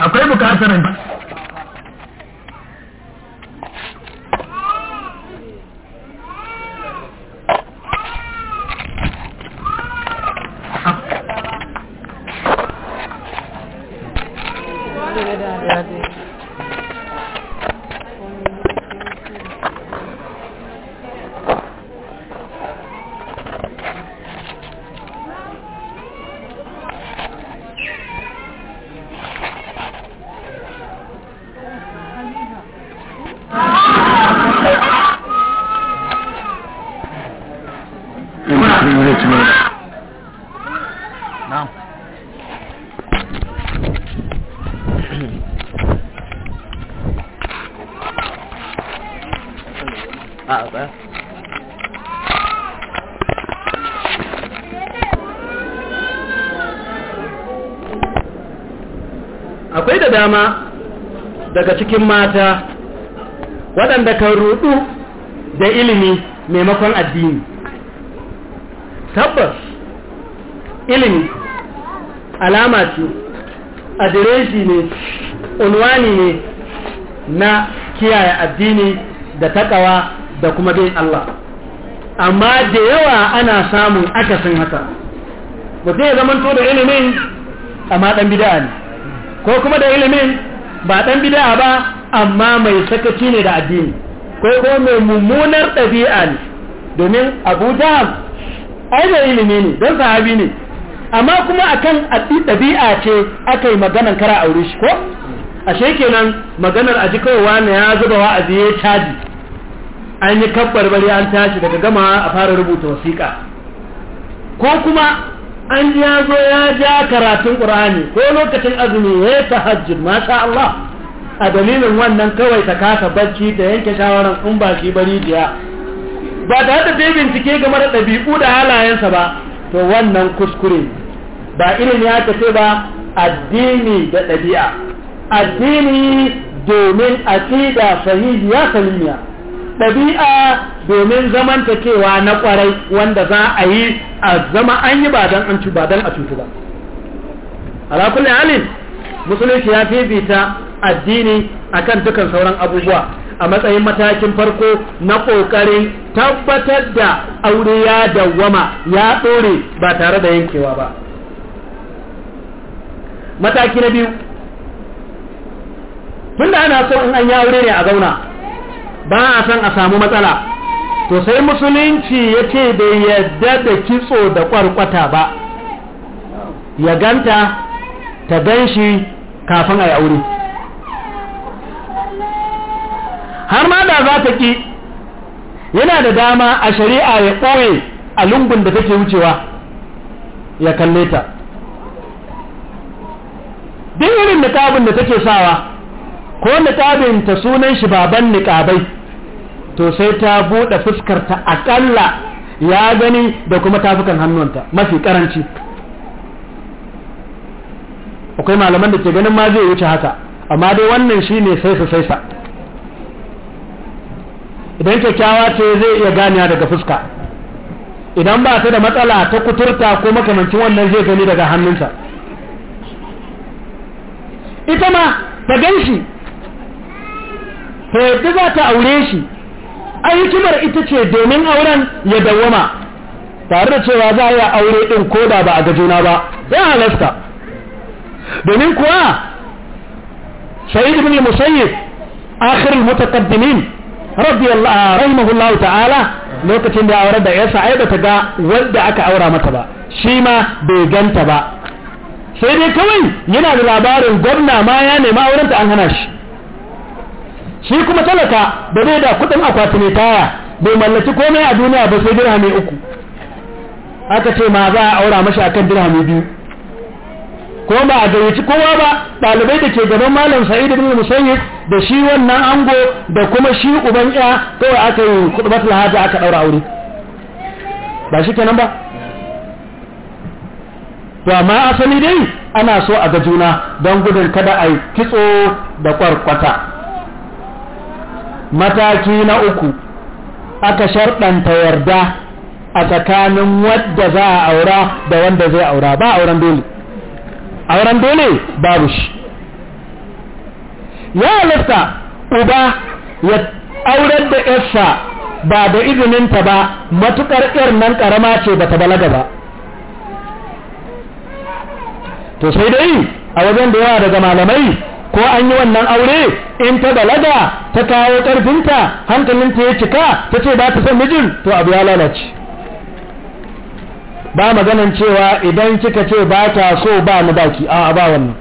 akwai bukatar dama daga cikin mata waɗanda kan rudu da ilimi maimakon addini tabbas ilimi alama ce adireji ne unwani ne na kiyaye addini da takawa da kuma bin Allah amma da yawa ana samun akasin haka ba zai zamanto da ilimin amma dan bida'a ne ko kuma da ilimin ba dan bid'a ba amma mai sakaci ne da addini ko ko mai mummunar ɗabi'a ne domin abu Jahl ai da ilimi ne don sahabi ne amma kuma akan ɗabi'a ce aka yi maganar kara aure shi ko ashe kenan maganar aji kowa ne ya zuba wa'azi ya caji an yi kabbar bari an tashi daga gama a fara rubuta wasiƙa ko kuma an ya zo ya ja karatun ƙur'ani ko lokacin azumi ya yi tahajjud masha Allah a dalilin wannan kawai ta kasa barci da yanke shawaran in ba shi bari jiya ba ta da bincike game da ɗabi'u da halayensa ba to wannan kuskure ba irin ya tafi ba addini da ɗabi'a addini domin aqida sahihiya salimiya ɗabi'a domin zamantakewa na kwarai wanda za a yi a zama an yi ba an ba don a cutu ba ala halin musulunci ya fifita addini akan dukan sauran abubuwa a matsayin matakin farko na ƙoƙarin tabbatar da aure ya dawwama ya ɗore ba tare da yankewa ba mataki na biyu tunda ana so in an yi aure ne a zauna ba a san a samu matsala to sai musulunci ya ce bai yadda da kitso da kwarkwata ba ya ganta ta gan shi kafin a yi aure har ma da za ta ƙi yana da dama a shari'a ya ɓoye a lungun da take wucewa ya kalle ta duk irin tabin da take sawa ko niƙabin ta sunan shi baban niƙabai to sai ta buɗe ta aƙalla ya gani da kuma tafukan hannunta mafi ƙaranci akwai malaman da ke ganin ma zai wuce haka amma dai wannan shi ne saisa saisa idan kyakkyawa ce zai iya ganiya daga fuska idan ba ta da matsala ta kuturta ko makamancin wannan zai gani daga hannunsa ita ma ta gan shi ta za ta aure shi ai hikimar ita ce domin auren ya dawwama tare da cewa za a yi aure ɗin ko da ba a ga juna ba ya halasta domin kuwa sai ibn musayyib akhir mutakaddimin radiyallahu ah, rahimahullahu ta'ala lokacin da aure da yasa ai ba ta ga wanda aka aura mata ba shi ma bai ganta ba sai dai kawai yana da labarin gwamna ma ya nemi aurenta an hana shi shi kuma talaka da zai da kudin akwati mai taya bai mallaki komai a duniya ba sai dirhami uku aka ce ma za a aura mashi akan dirhami biyu ko ba a gayyaci kowa ba ɗalibai da ke gaban malam sa'id ibn musayyib da shi wannan ango da kuma shi uban ya kawai aka yi batul haja aka daura aure ba shi kenan ba to amma asali dai ana so a ga juna don gudun kada a yi kitso da kwarkwata mataki na uku aka sharɗanta yarda a tsakanin wadda za a aura da wanda zai aura ba auren dole auren dole babu shi ya halatta uba ya aurar da yarsa ba da izininta ba matukar yar nan ƙarama ce ba ta balaga ba to sai dai a wajen da yawa daga malamai ko an yi wannan aure in ta balaga ta kawo ƙarfinta ta ya cika ta ce ba ta son mijin to abu ya lalace ba maganan cewa idan kika ce ba ta so ba mu baki a ba wannan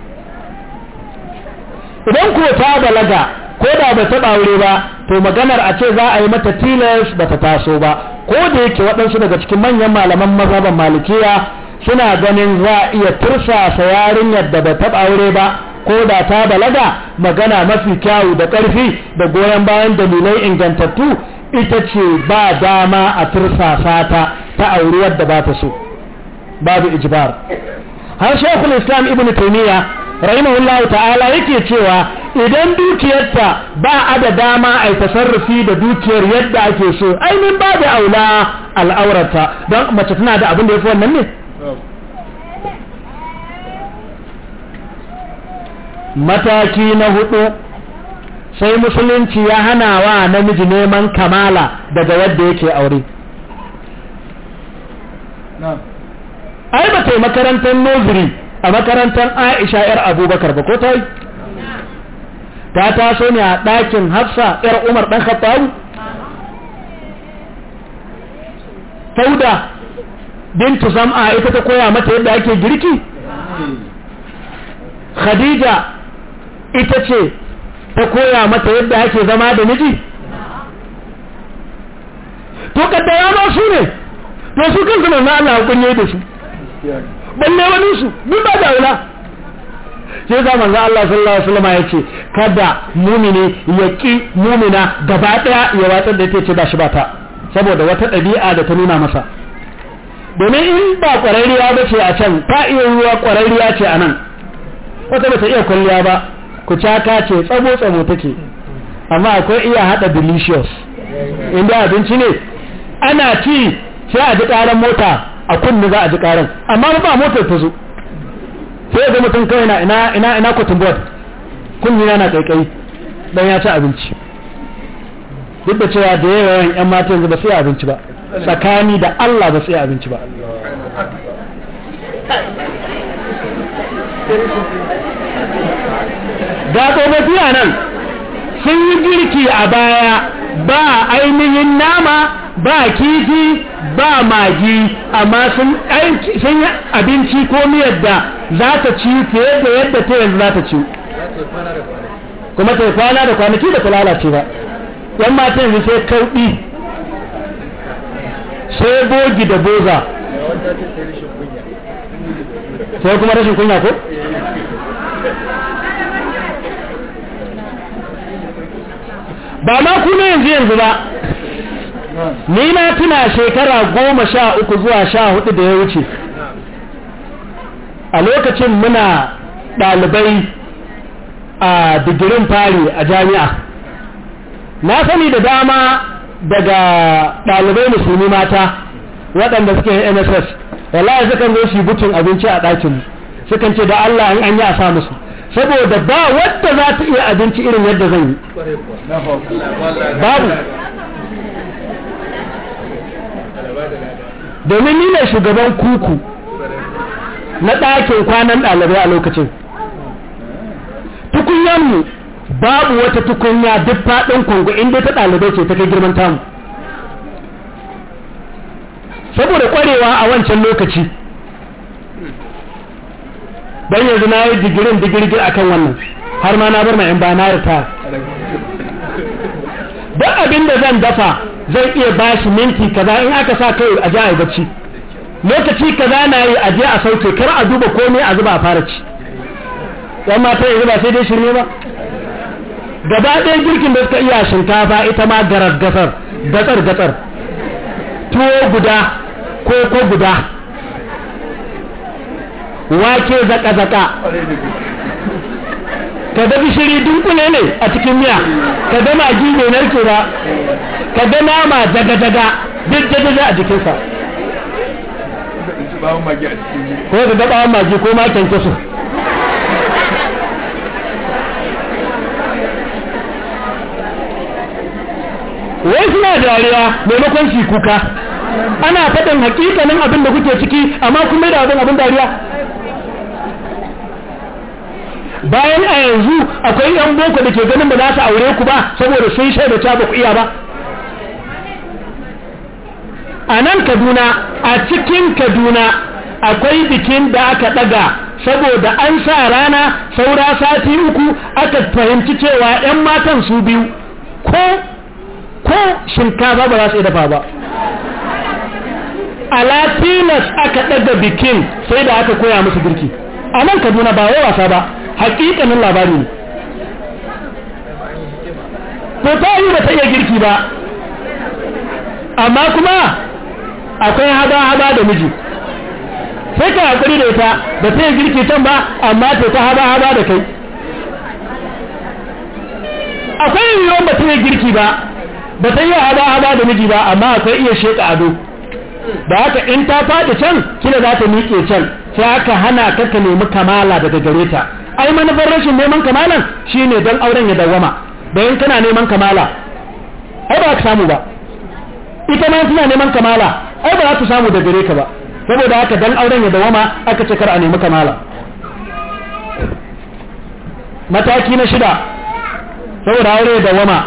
idan ko ta balaga ko da ba taɓa aure ba to maganar a ce za a yi mata tilas ba ta taso ba ko da yake waɗansu daga cikin manyan malaman mazhaban malikiya suna ganin za a iya tursasa yarinyar da ba taɓa aure ba ko da ta balaga magana mafi kyawu da ƙarfi da goyon bayan dalilai ingantattu ita ce ba dama a tursasa ta ta auruwar da ba ta so babu ijbar har shekul islam ibn taimiyya rahimahullahu ta'ala yake cewa idan dukiyarta ba a da dama a yi tasarrufi da dukiyar yadda ake so ainihin ba da aula al'aurarta don mace tana da abin da ya fi wannan ne mataki na hudu sai musulunci ya hana wa namiji neman kamala daga wadda yake aure ai ba ta makarantar noziri a makarantar aisha yar abubakar ba ko ta yi ta taso ne a ɗakin hafsa yar umar ɗan khattabu fauda bintu sam'a ita ta koya mata yadda ake girki eh. khadija ita ce ta koya mata yadda ake zama da miji to ya ba su ne to su kansu mai na Allah hukunye da su balle wani su duk ba daula sai za manzo Allah sallallahu alaihi wasallam ya ce kada mumini ya ki mumina gaba daya ya watsar da ita ce ba shi ba ta saboda wata ɗabi'a da ta nuna masa domin in ba kwararriya ba ce a can ta iya ruwa kwararriya ce a nan wata bata iya kwalliya ba kucaka ce tsabo-tsabo take amma akwai iya hada delicious inda abinci ne ana ci sai a ji karan mota a kunni za a ji karan amma ba motar ta zo sai ga mutum kawai na ina ina ina cotton board kunni na kaikai dan ya ci abinci duk da cewa da yawan yan mata yanzu ba sai abinci ba tsakani da Allah ba sai abinci ba ga ba a nan sun yi girki a baya ba ainihin nama ba kifi ba magi amma sun yi abinci ko miyar da za ta ci fiye da yadda ta yanzu za ta ci kuma ta kwana da kwanaki da ta lalace ba yan matan yanzu sai kauɗi sai bogi da boza sai kuma rashin kunya ko ba ma ku na yanzu yanzu ba ni na tuna shekara goma sha uku zuwa sha hudu da ya wuce a lokacin muna dalibai a digirin fari a jami'a na sani da dama daga ɗalibai musulmi mata waɗanda suke yin nss wallahi sukan zo shi butun abinci a ɗakin sukan ce da allah an yi a samusu musu saboda ba wadda za ta iya abinci irin yadda zan yi babu domin ni ne shugaban kuku na ɗakin kwanan ɗalibai a lokacin tukunyanmu babu wata tukunya duk faɗin kwango inda ta ɗalibai ce ta kai girman tamu saboda kwarewa a wancan lokaci don yanzu na yi digirin digirgir akan wannan har ma na bar ma yan ba na rita duk abin da zan dafa zai iya bashi minti kaza in aka sa kai a ji a bacci lokaci kaza na yi a je a sauke kar a duba komai a zuba a fara ci yan mata yanzu ba sai dai shirme ba gaba ɗaya girkin da suka iya shinkafa ita ma garar gasar gatsar gatsar tuwo guda ko ko guda wake zaka-zaka ka da bishiri dunkule ne a cikin miya ka da magi bai narke ba ka da nama daga-daga duk daga a jikinsa ko da da bawon magi ko ma kyanke su wai suna dariya maimakon shi kuka ana faɗin hakikanin abin da kuke ciki amma kuma da abin abin dariya bayan a yanzu akwai yan boko da ke ganin ba za su aure ku ba saboda sun shaida cewa ba ku iya ba a nan kaduna a cikin kaduna akwai bikin da aka daga saboda an sa rana saura sati uku aka fahimci cewa 'yan matan su biyu ko ko shinkafa ba za su dafa ba a latinas aka daga bikin sai da aka koya musu girki a nan kaduna ba wai wasa ba hakikanin labari ne to ta yi ba ta iya girki ba amma kuma akwai haɗa-haɗa da miji sai ka hakuri da ita ba ta yi girki can ba amma ta ta haɗa-haɗa da kai akwai yiwuwar ba ta yi girki ba ba ta yi haɗa-haɗa da miji ba amma akwai iya sheka ado da haka in ta faɗi can kina za ta miƙe can sai aka hana ka ka nemi kamala daga gare ta ai manufar rashin neman kamalan shine don auren ya dawama bayan kana neman kamala ai ba ka samu ba ita ma suna neman kamala ai ba za ta samu da gare ka ba saboda haka don auren ya dawama aka ce kar a nemi kamala mataki na shida saboda aure ya dawama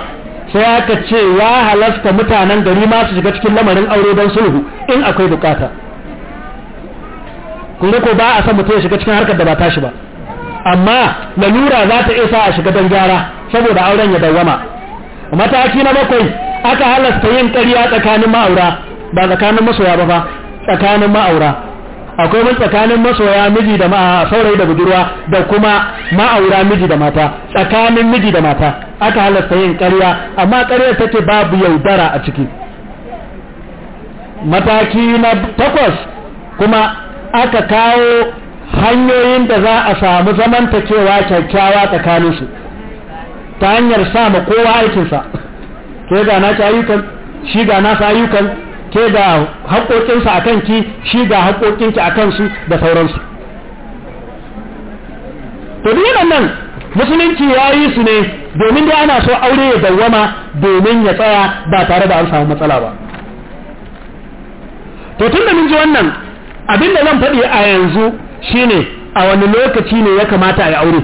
sai aka ce ya halasta mutanen gari ma su shiga cikin lamarin aure don sulhu in akwai bukata kuma ko ba a san mutum ya shiga cikin harkar da ba tashi ba amma lalura za ta isa a shiga don gyara saboda auren ya dawwama mataki na bakwai aka halasta yin ƙarya tsakanin ma'aura ba tsakanin masoya ba ba tsakanin ma'aura akwai mun tsakanin masoya miji da ma saurayi da budurwa da kuma ma'aura miji da mata tsakanin miji da mata aka halasta yin ƙarya amma ƙarya take babu yaudara a ciki mataki na takwas kuma aka kawo hanyoyin da za a samu zamantakewa kyakkyawa tsakaninsu ta hanyar sa ma kowa aikinsa ke ga naci ayyukan shi ga nasa ayyukan ke ga haƙoƙinsa a kanki shi ga haƙoƙinki a kansu da sauransu to duk nan musulunci ya yi su ne domin dai ana so aure ya dawwama domin ya tsaya ba tare da an samu matsala ba to tun da mun ji wannan abin da zan faɗi a yanzu Shi ne a wani lokaci ne ya kamata a yi aure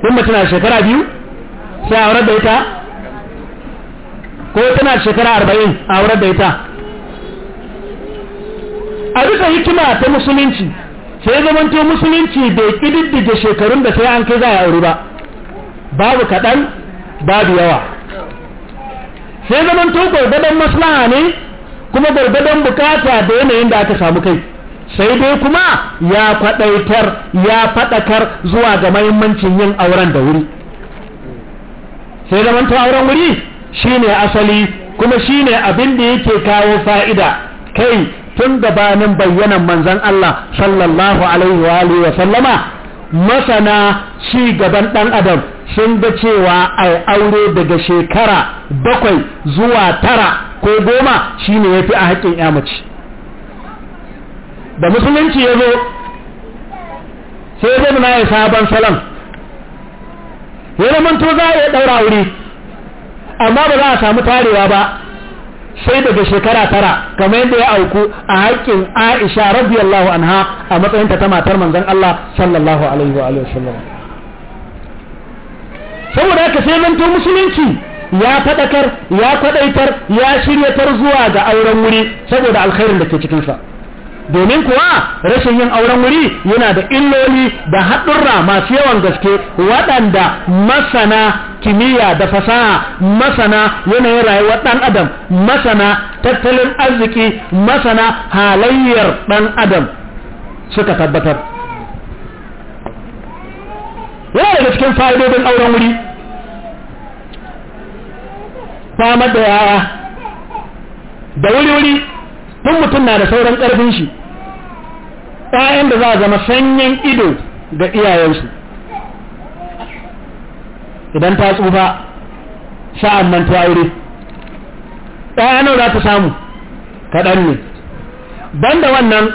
Kuma mace na shekara biyu sai aure da ita ko tana shekara arba'in aure da ita a duka hikima ta musulunci sai zamantar musulunci bai ƙididdige shekarun da sai an kai za a aure ba babu kaɗan babu yawa sai zamanto gwargwadon maslaha ne kuma gwargwadon bukata da yanayin da aka samu kai sai dai kuma ya faɗaitar ya faɗakar zuwa ga mahimmancin yin auren da wuri sai zamanta auren wuri shine asali kuma shine abin da yake kawo fa'ida kai tun gabanin bayyanan manzan Allah sallallahu alaihi wa sallama masana ci gaban ɗan adam sun ga cewa ai aure daga shekara bakwai zuwa tara ko goma shine fi a haƙƙin ya mace da musulunci ya zo sai ya zama ya sabon salon ya zamanto za a iya ɗaura wuri amma ba za a samu tarewa ba sai daga shekara tara kamar yadda ya auku a haƙƙin aisha radiyallahu anha a matsayinta ta matar manzon Allah sallallahu alaihi wa sallam saboda haka sai zanto musulunci ya faɗakar ya kwaɗaitar ya shiryatar zuwa ga auren wuri saboda alkhairin da ke cikinsa domin kuwa rashin yin auren wuri yana da illoli da haɗurra masu yawan gaske waɗanda masana kimiyya da fasaha masana yanayin rayuwar ɗan adam masana tattalin arziki masana halayyar ɗan adam suka tabbatar yana daga cikin fa'idodin auren wuri samar da yaya da wuri-wuri tun mutum na da sauran ƙarfin shi ɗayan da za a zama sanyin ido ga iyayensu idan ta tsufa sha'an nan ta aure ɗayanar za ta samu kaɗan ne banda wannan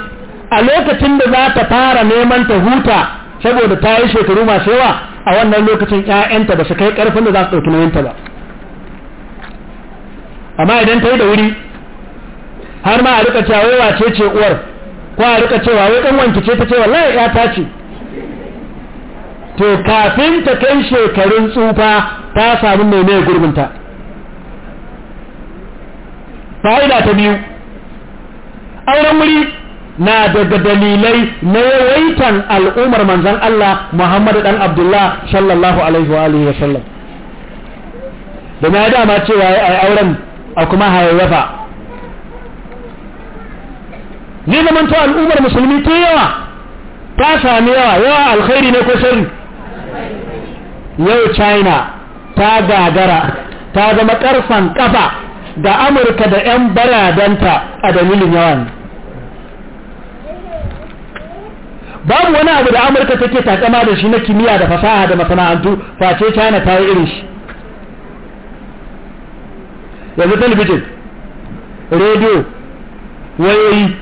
a lokacin da za ta fara neman ta huta saboda ta yi shekaru masu yawa a wannan lokacin 'ya'yanta ba su kai ƙarfin da za su ɗauki nauyinta ba amma idan ta yi da wuri har ma a rika cewa wai wace ce uwar ko a rika cewa wai kan wanki ce ta ce wallahi ya ta ce to kafin ta kai shekarun tsufa ta samu mai mai gurbinta fa'ida ta biyu auren wuri na daga dalilai na yawaitan al'ummar manzan Allah Muhammad dan Abdullah sallallahu alaihi wa alihi wa sallam da ma dama cewa ai auren a kuma hayayyafa zai zama to al'ummar musulmi ta yawa ta sami yawa yawa alkhairi ne ko sharri yau china ta gagara ta zama karfan kafa da amurka da 'yan baradanta a dalilin yawan babu wani abu da amurka take takama da shi na kimiyya da fasaha da masana'antu face china ta yi irin shi yanzu talibijin rediyo wayoyi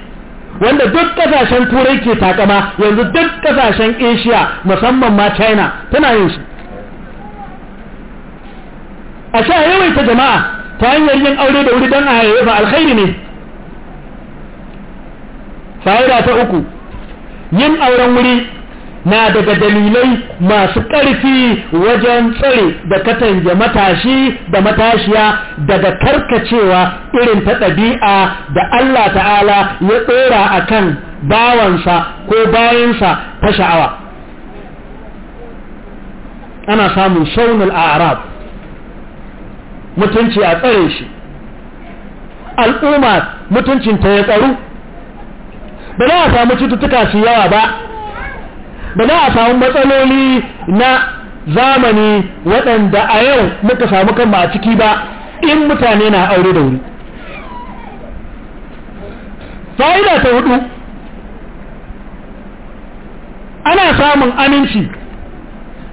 wanda duk kasashen turai ke takama yanzu duk kasashen asia musamman ma china tana yin shi a sha yawaita jama'a ta hanyar yin aure da wuri don a ba alkhairi ne fa'ida ta uku yin auren wuri na daga dalilai masu ƙarfi wajen tsare da katange matashi da matashiya daga karkacewa irin ta ɗabi'a da Allah ta'ala ya ɗora a kan bawansa ko bayansa ta sha'awa ana samun a arab mutunci a tsare shi al'umma mutuncinta ya tsaru ba za a samu cututtuka su yawa ba ba za a samu matsaloli na zamani waɗanda a yau muka samu kanmu a ciki ba in mutane na aure da wuri fa'ida ta hudu ana samun aminci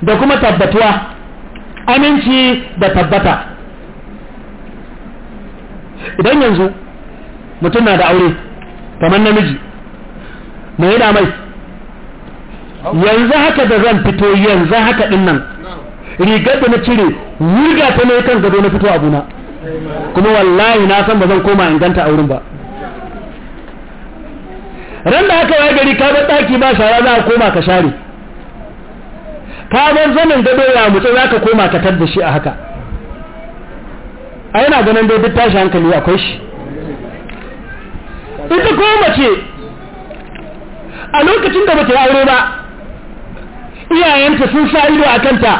da kuma tabbatuwa aminci da tabbata idan yanzu mutum na da aure kamar namiji mai yi mai yanzu haka da zan fito yanzu haka din nan rigar da na cire wurga ta mai kan gado na fito abuna kuma wallahi na san ba zan koma inganta a wurin ba ran da haka ya gari ka bar daki ba shara za a koma ka share ka bar zanin gado ya mutu za ka koma ka tar da shi a haka a yana ganin dai duk tashi hankali akwai shi ita ko mace a lokacin da bata yi aure ba iyayenta sun saido a kanta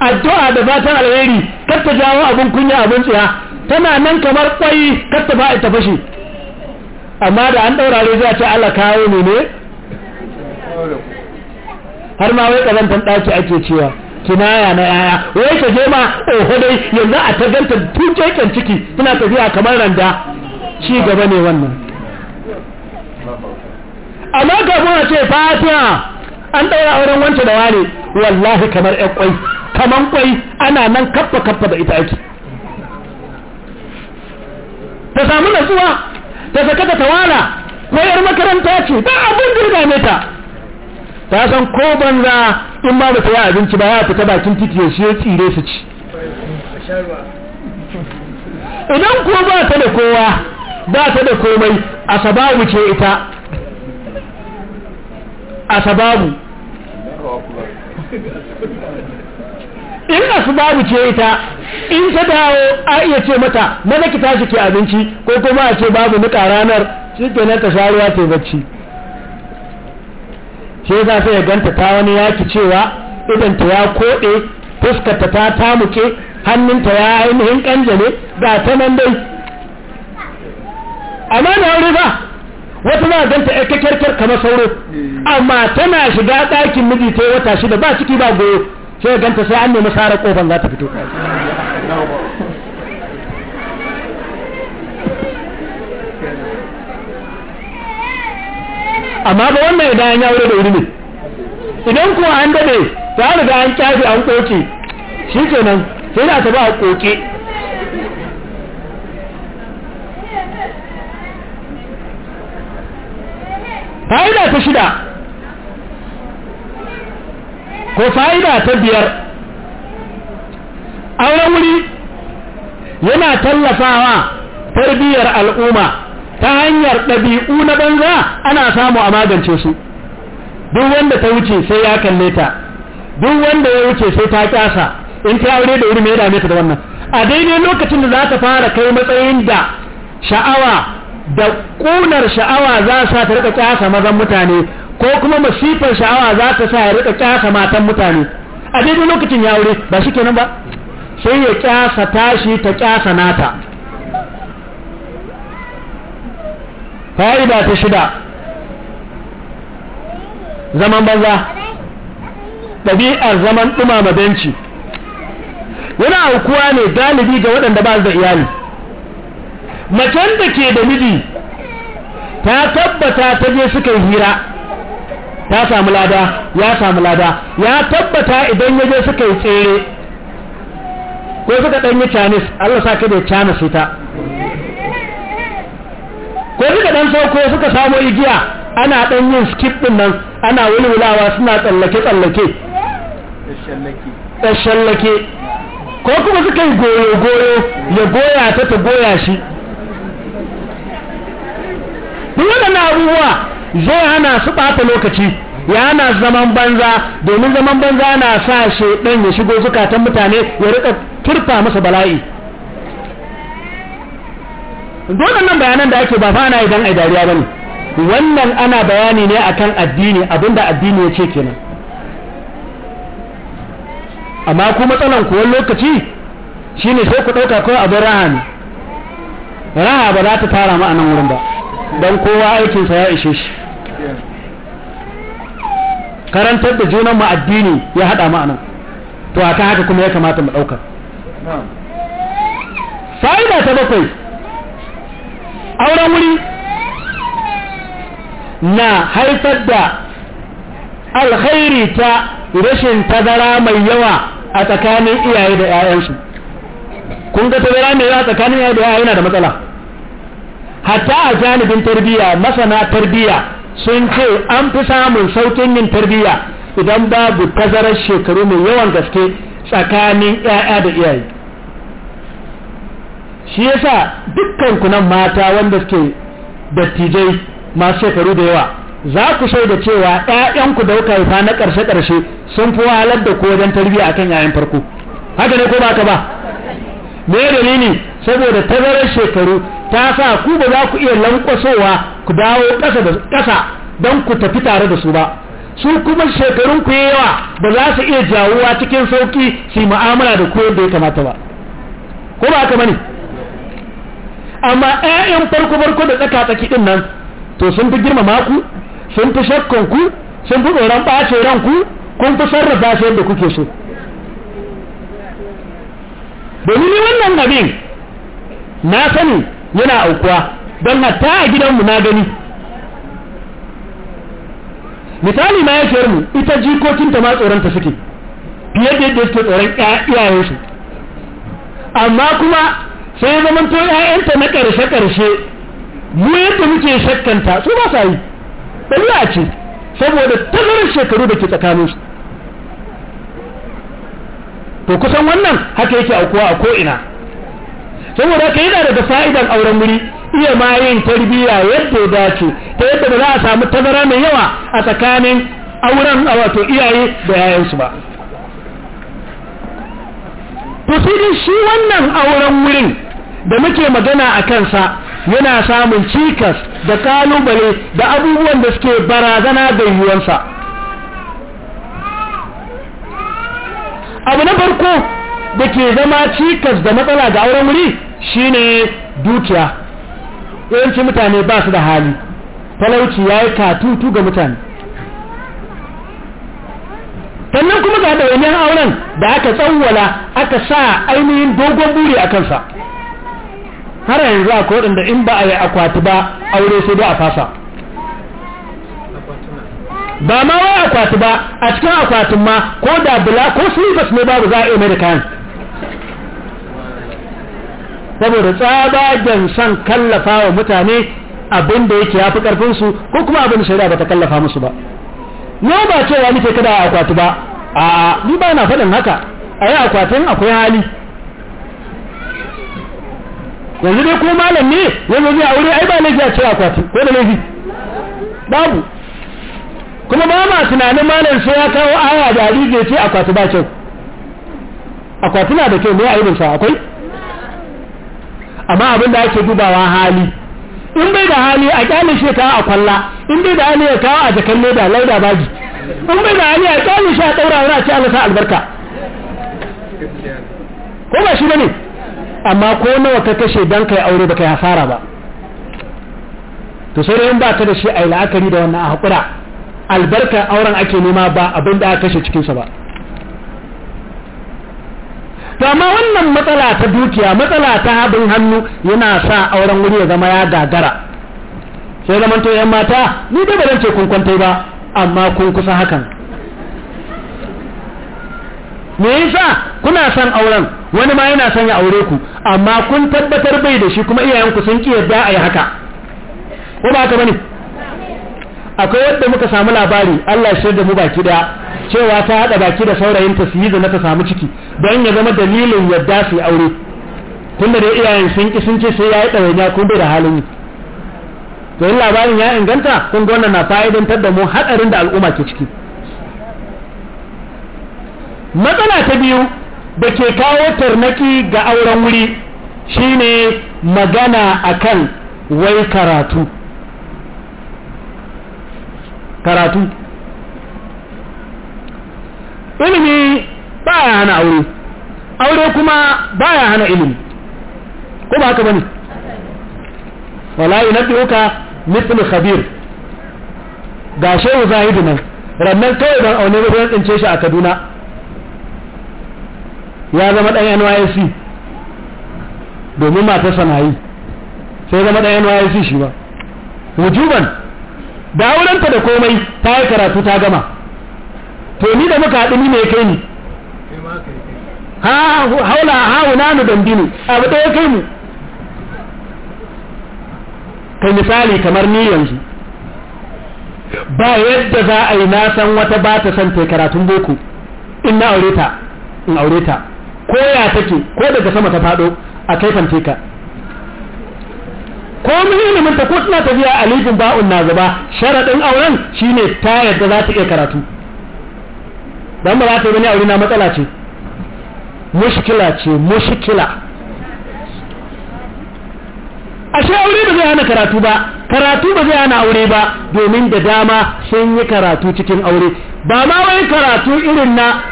addu'a da fatan alheri kar ta jawo abin kunya abin tsiya tana nan kamar kwai kar ta ba ta fashe amma da an daura ne za ce Allah kawo ne ne har ma wai kazantar daki ake cewa kinaya na yaya wai ka je ma oho dai yanzu a ta ganta kan ciki tana tafiya kamar randa ci gaba ne wannan amma kafin ce fatiha an daura auren wance da ware wallahi kamar ƴan kwai kamar kwai ana nan kaffa kaffa da ita ake ta samu natsuwa ta saka ta tawala ko yar makaranta ce ba abin da ta ta san ko banza in ba ta yi abinci ba ya fita bakin titi ya shi ya tsire su ci idan ko ba ta da kowa ba ta da komai a sababu ce ita a sababu in babu ce ita in ta dawo a iya ce mata mana ki tashi ke abinci ko kuma a ce babu nika ranar shi ke nan ta sharuwa ta bacci shi za sai ya ganta ta wani yaki cewa idan ta ya koɗe fuskarta ta tamuke hannunta ya ainihin kanjane ga ta nan dai amma na aure ba wata za a ganta ya kakyarkar kamar sauro amma tana shiga ɗakin miji ta wata shida ba ciki ba goyo sai ganta sai an nemi sarar kofan za ta fito amma ba wannan idan an wuri da wuri ne idan kuwa an dade ta riga an kyafi an koke shi kenan sai za ta ba a koke fa'ida ta shida ko fa'ida ta biyar auren wuri yana tallafawa tarbiyyar al'umma ta hanyar ɗabi'u na banza ana samu a magance su duk wanda ta wuce sai ya kalle ta duk wanda ya wuce sai ta kyasa in ta aure da wuri mai dame ta da wannan a daidai lokacin da za ta fara kai matsayin da sha'awa da ƙunar sha'awa za sa ta rika ƙyasa mazan mutane ko kuma masifar sha'awa za ta sa ya rika ƙyasa matan mutane a daidai lokacin ya aure ba shi kenan ba sai ya ƙyasa tashi ta ƙyasa nata fa'ida ta shida zaman banza ɗabi'ar zaman ɗumama benci yana aukuwa ne galibi ga waɗanda ba su da iyali macen da ke da miji ta tabbata ta je suka hira ta samu lada ya samu lada ya tabbata idan ya je suka yi tsere ko suka ɗanyi canis allah sa ka da canis ta ko suka ɗan sauko suka samu igiya ana ɗan yin skip ɗin nan ana wulwulawa suna tsallake-tsallake ɗashallake ko kuma suka yi goyo-goyo ya goya ta ta goya shi duk waɗannan abubuwa zai hana su ɓata lokaci ya hana zaman banza domin zaman banza na sa shi ɗan ya shigo zukatan mutane ya rika turfa masa bala'i waɗannan bayanan da ake ba fa ana idan ai dariya bane wannan ana bayani ne akan addini abinda addini ya ce kenan amma ku matsalan kuwa lokaci shine sai ku ɗauka kawai abin raha ne raha ba za ta fara ma a nan wurin ba don kowa aikinsa ya ishe shi karantar da junan mu addini ya haɗa mu anan to a ta haka kuma ya kamata mu ɗauka fa'ida ta bakwai auren wuri na haifar da alkhairi ta rashin tazara mai yawa a tsakanin iyaye da 'ya'yansu kun ga tazara mai yawa tsakanin iyaye da 'ya'ya yana da matsala hatta a janibin tarbiyya masana tarbiyya sun ce an fi samun saukin yin tarbiyya idan babu tazarar shekaru mai yawan gaske tsakanin 'ya'ya da iyaye shi yasa dukkan kunan mata wanda suke dattijai masu shekaru da yawa za ku shaida cewa 'ya'yanku da kuka haifa na ƙarshe-ƙarshe sun fi wahalar da kodan wajen tarbiyya akan 'ya'yan farko haka ne ko ba ka ba me dalili saboda tazarar shekaru ta sa ku ba za ku iya lankwasowa ku dawo ƙasa da ƙasa don ku tafi tare da su ba su kuma shekarun ku yawa ba za su iya jawowa cikin sauki su yi mu'amala da ku yadda ya kamata ba ko ba haka bane amma ƴaƴan farko farko da tsaka tsaki din nan to sun fi girmama ku sun fi shakkan ku sun fi tsoron ɓace ranku kun fi sarrafa shi yadda kuke so domin wannan abin na sani yana aukuwa don hatta a gidanmu na gani misali ma ya mu ita jikokinta ma tsoronta suke fiye da yadda suke tsoron iyayensu amma kuma sai zaman to 'ya'yanta na ƙarshe-ƙarshe mu yadda muke shakkanta su ba sa yi ce saboda tazarar shekaru da ke tsakaninsu to kusan wannan haka yake aukuwa a ko'ina saboda yi yana da fa'idan auren wuri iya ma yin tarbiyya yadda ya dace ta yadda ba za a samu tazara mai yawa a tsakanin auren a wato iyaye da yayansu ba to shi wannan auren wurin da muke magana a kansa yana samun cikas da kalubale da abubuwan da suke barazana da yiwuwansa abu na farko da ke zama cikas da matsala ga auren wuri shine dukiya yawancin mutane ba su da hali talauci ya yi katutu ga mutane Tannan kuma ga wani auren da aka tsawwala aka sa ainihin dogon buri a kansa har yanzu akwai waɗanda in ba a yi akwati ba aure sai dai a fasa ba ma wai akwati ba a cikin akwatin ma ko da bula ko silifas ne babu za a yi mai da kayan saboda tsabagen son kallafa wa mutane abin da yake yafi ƙarfinsu ko kuma abin da shari'a bata kallafa musu ba ne ba cewa nake kada a akwati ba a ni ba na faɗin haka a yi akwatin akwai hali yanzu dai kuma malam ne yanzu zai aure ai ba laifi a ce akwati ko da laifi babu kuma ba ma tunanin malam sai ya kawo aya da hadisi ya ce akwati ba kyau akwati na da kyau ne a ibinsa akwai amma abin da ake dubawa hali in bai da hali a kyale shi kawo a kwalla in bai da hali ya kawo a jakar leda lauda baji in bai da hali a kyale shi a ɗaura wani ce alasa albarka ko ba shi bane amma ko nawa ka kashe dan kai aure ba kai hasara ba to sai in ba ka da shi a yi la'akari da wannan a haƙura albarkar auren ake nema ba abin da aka kashe cikinsa ba to amma wannan matsala ta dukiya matsala ta abin hannu yana sa auren wuri ya zama ya gagara sai zaman to yan mata ni da ba ce kun kwantai ba amma kun kusa hakan me yasa kuna son auren wani ma yana son ya aure ku amma kun tabbatar bai da shi kuma iyayenku sun ki yadda a yi haka ko ba haka bane akwai yadda muka samu labari Allah shi da mu baki daya cewa ta haɗa baki da saurayinta su yi zana ta samu ciki don ya zama dalilin yadda su aure tunda da iyayen sun ki sun ce sai ya yi ɗawainiya kun bai da halin yi to yin labarin ya inganta kun ga na fa'idantar da mu haɗarin da al'umma ke ciki matsala ta biyu da ke kawo tarnaki ga auren wuri shine magana akan wai karatu karatu ilimi ya hana aure aure kuma ba ya hana ilimi ko ba haka bane wala yunabbiuka mithl khabir ga shehu zahidu nan rannan kawai don aune ruwan tsince shi a kaduna ya zama dan nysc domin mata sanayi sai zama dan nysc shi ba wujuban da aurenta da komai ta yi karatu ta gama to ni da muka haɗu ni ne kai ni ha haula hauna nu ne abu ɗaya kai mu kai misali kamar ni yanzu ba yadda za a yi na san wata ba ta son ta karatun boko in na aure ta in aure ta ko ya take ko daga sama ta fado a kaifan teka ko mun muhimmin ta ko tana tafiya alifin ba'un na gaba sharaɗin auren shine ta yadda za ta iya karatu dan ba za ta yi wani aure na matsala ce mushkila ce mushkila ashe aure ba zai hana karatu ba karatu ba zai hana aure ba domin da dama sun yi karatu cikin aure ba ma wai karatu irin na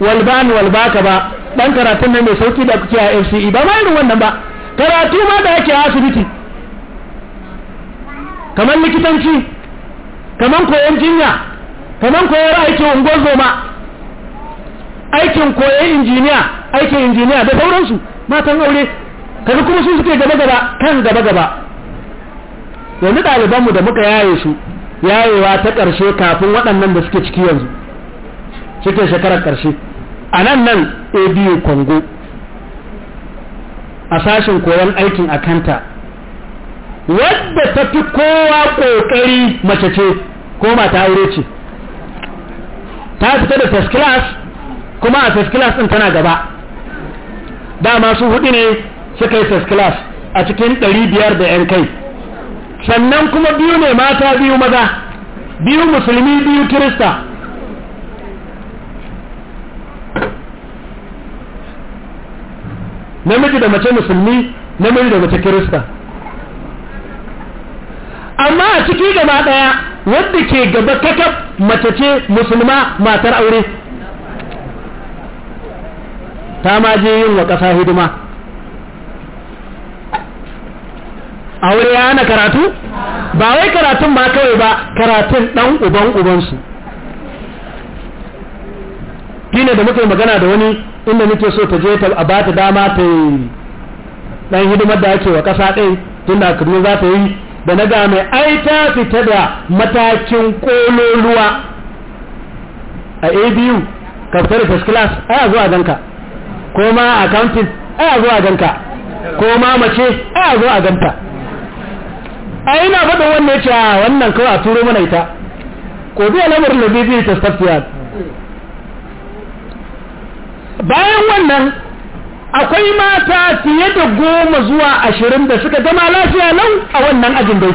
walban walbaka ba dan karatun nan mai sauki da kuke a FCE ba ma irin wannan ba karatu ma da ake asibiti kamar likitanci kamar koyon jinya kamar koyon aikin ungozoma aikin koyon injiniya aikin injiniya da sauransu matan aure kaga kuma su suke gaba gaba kan gaba gaba yanzu ɗalibanmu da muka yaye su yayewa ta ƙarshe kafin waɗannan da suke ciki yanzu cikin shekarar ƙarshe a nan nan abu kongo a sashen koyon aikin akanta wadda ta fi kowa ƙoƙari mace ce ko mata aure ce ta fita da first class kuma a first class din tana gaba dama su hudu ne suka yi first class a cikin 500 da yan kai sannan kuma biyu ne mata biyu maza biyu musulmi biyu kirista namiji da mace musulmi namiji da mace kirista amma a ciki gaba daya wadda ke gaba kakaf mace ce musulma matar aure ta ma je yin wa ƙasa hidima a wuri ya hana karatu ba wai karatun ba kawai ba karatun ɗan uban ubansu shine da muka yi magana da wani inda nake so ta je a ba ta dama ta yi ɗan hidimar da ake wa ƙasa ɗai tun da kudu za ta yi da na ga ai ta fita da matakin ƙololuwa a abu kaftar first class ai a zuwa ganka ko ma accounting a zo a ganka ko ma mace a zo a ganta a ina faɗin wannan ya ce a wannan kawai a turo mana ita ko biya lamarin da zai biyu ta stafiya bayan wannan akwai mata fiye da goma zuwa ashirin da suka gama lafiya nan a wannan ajin dai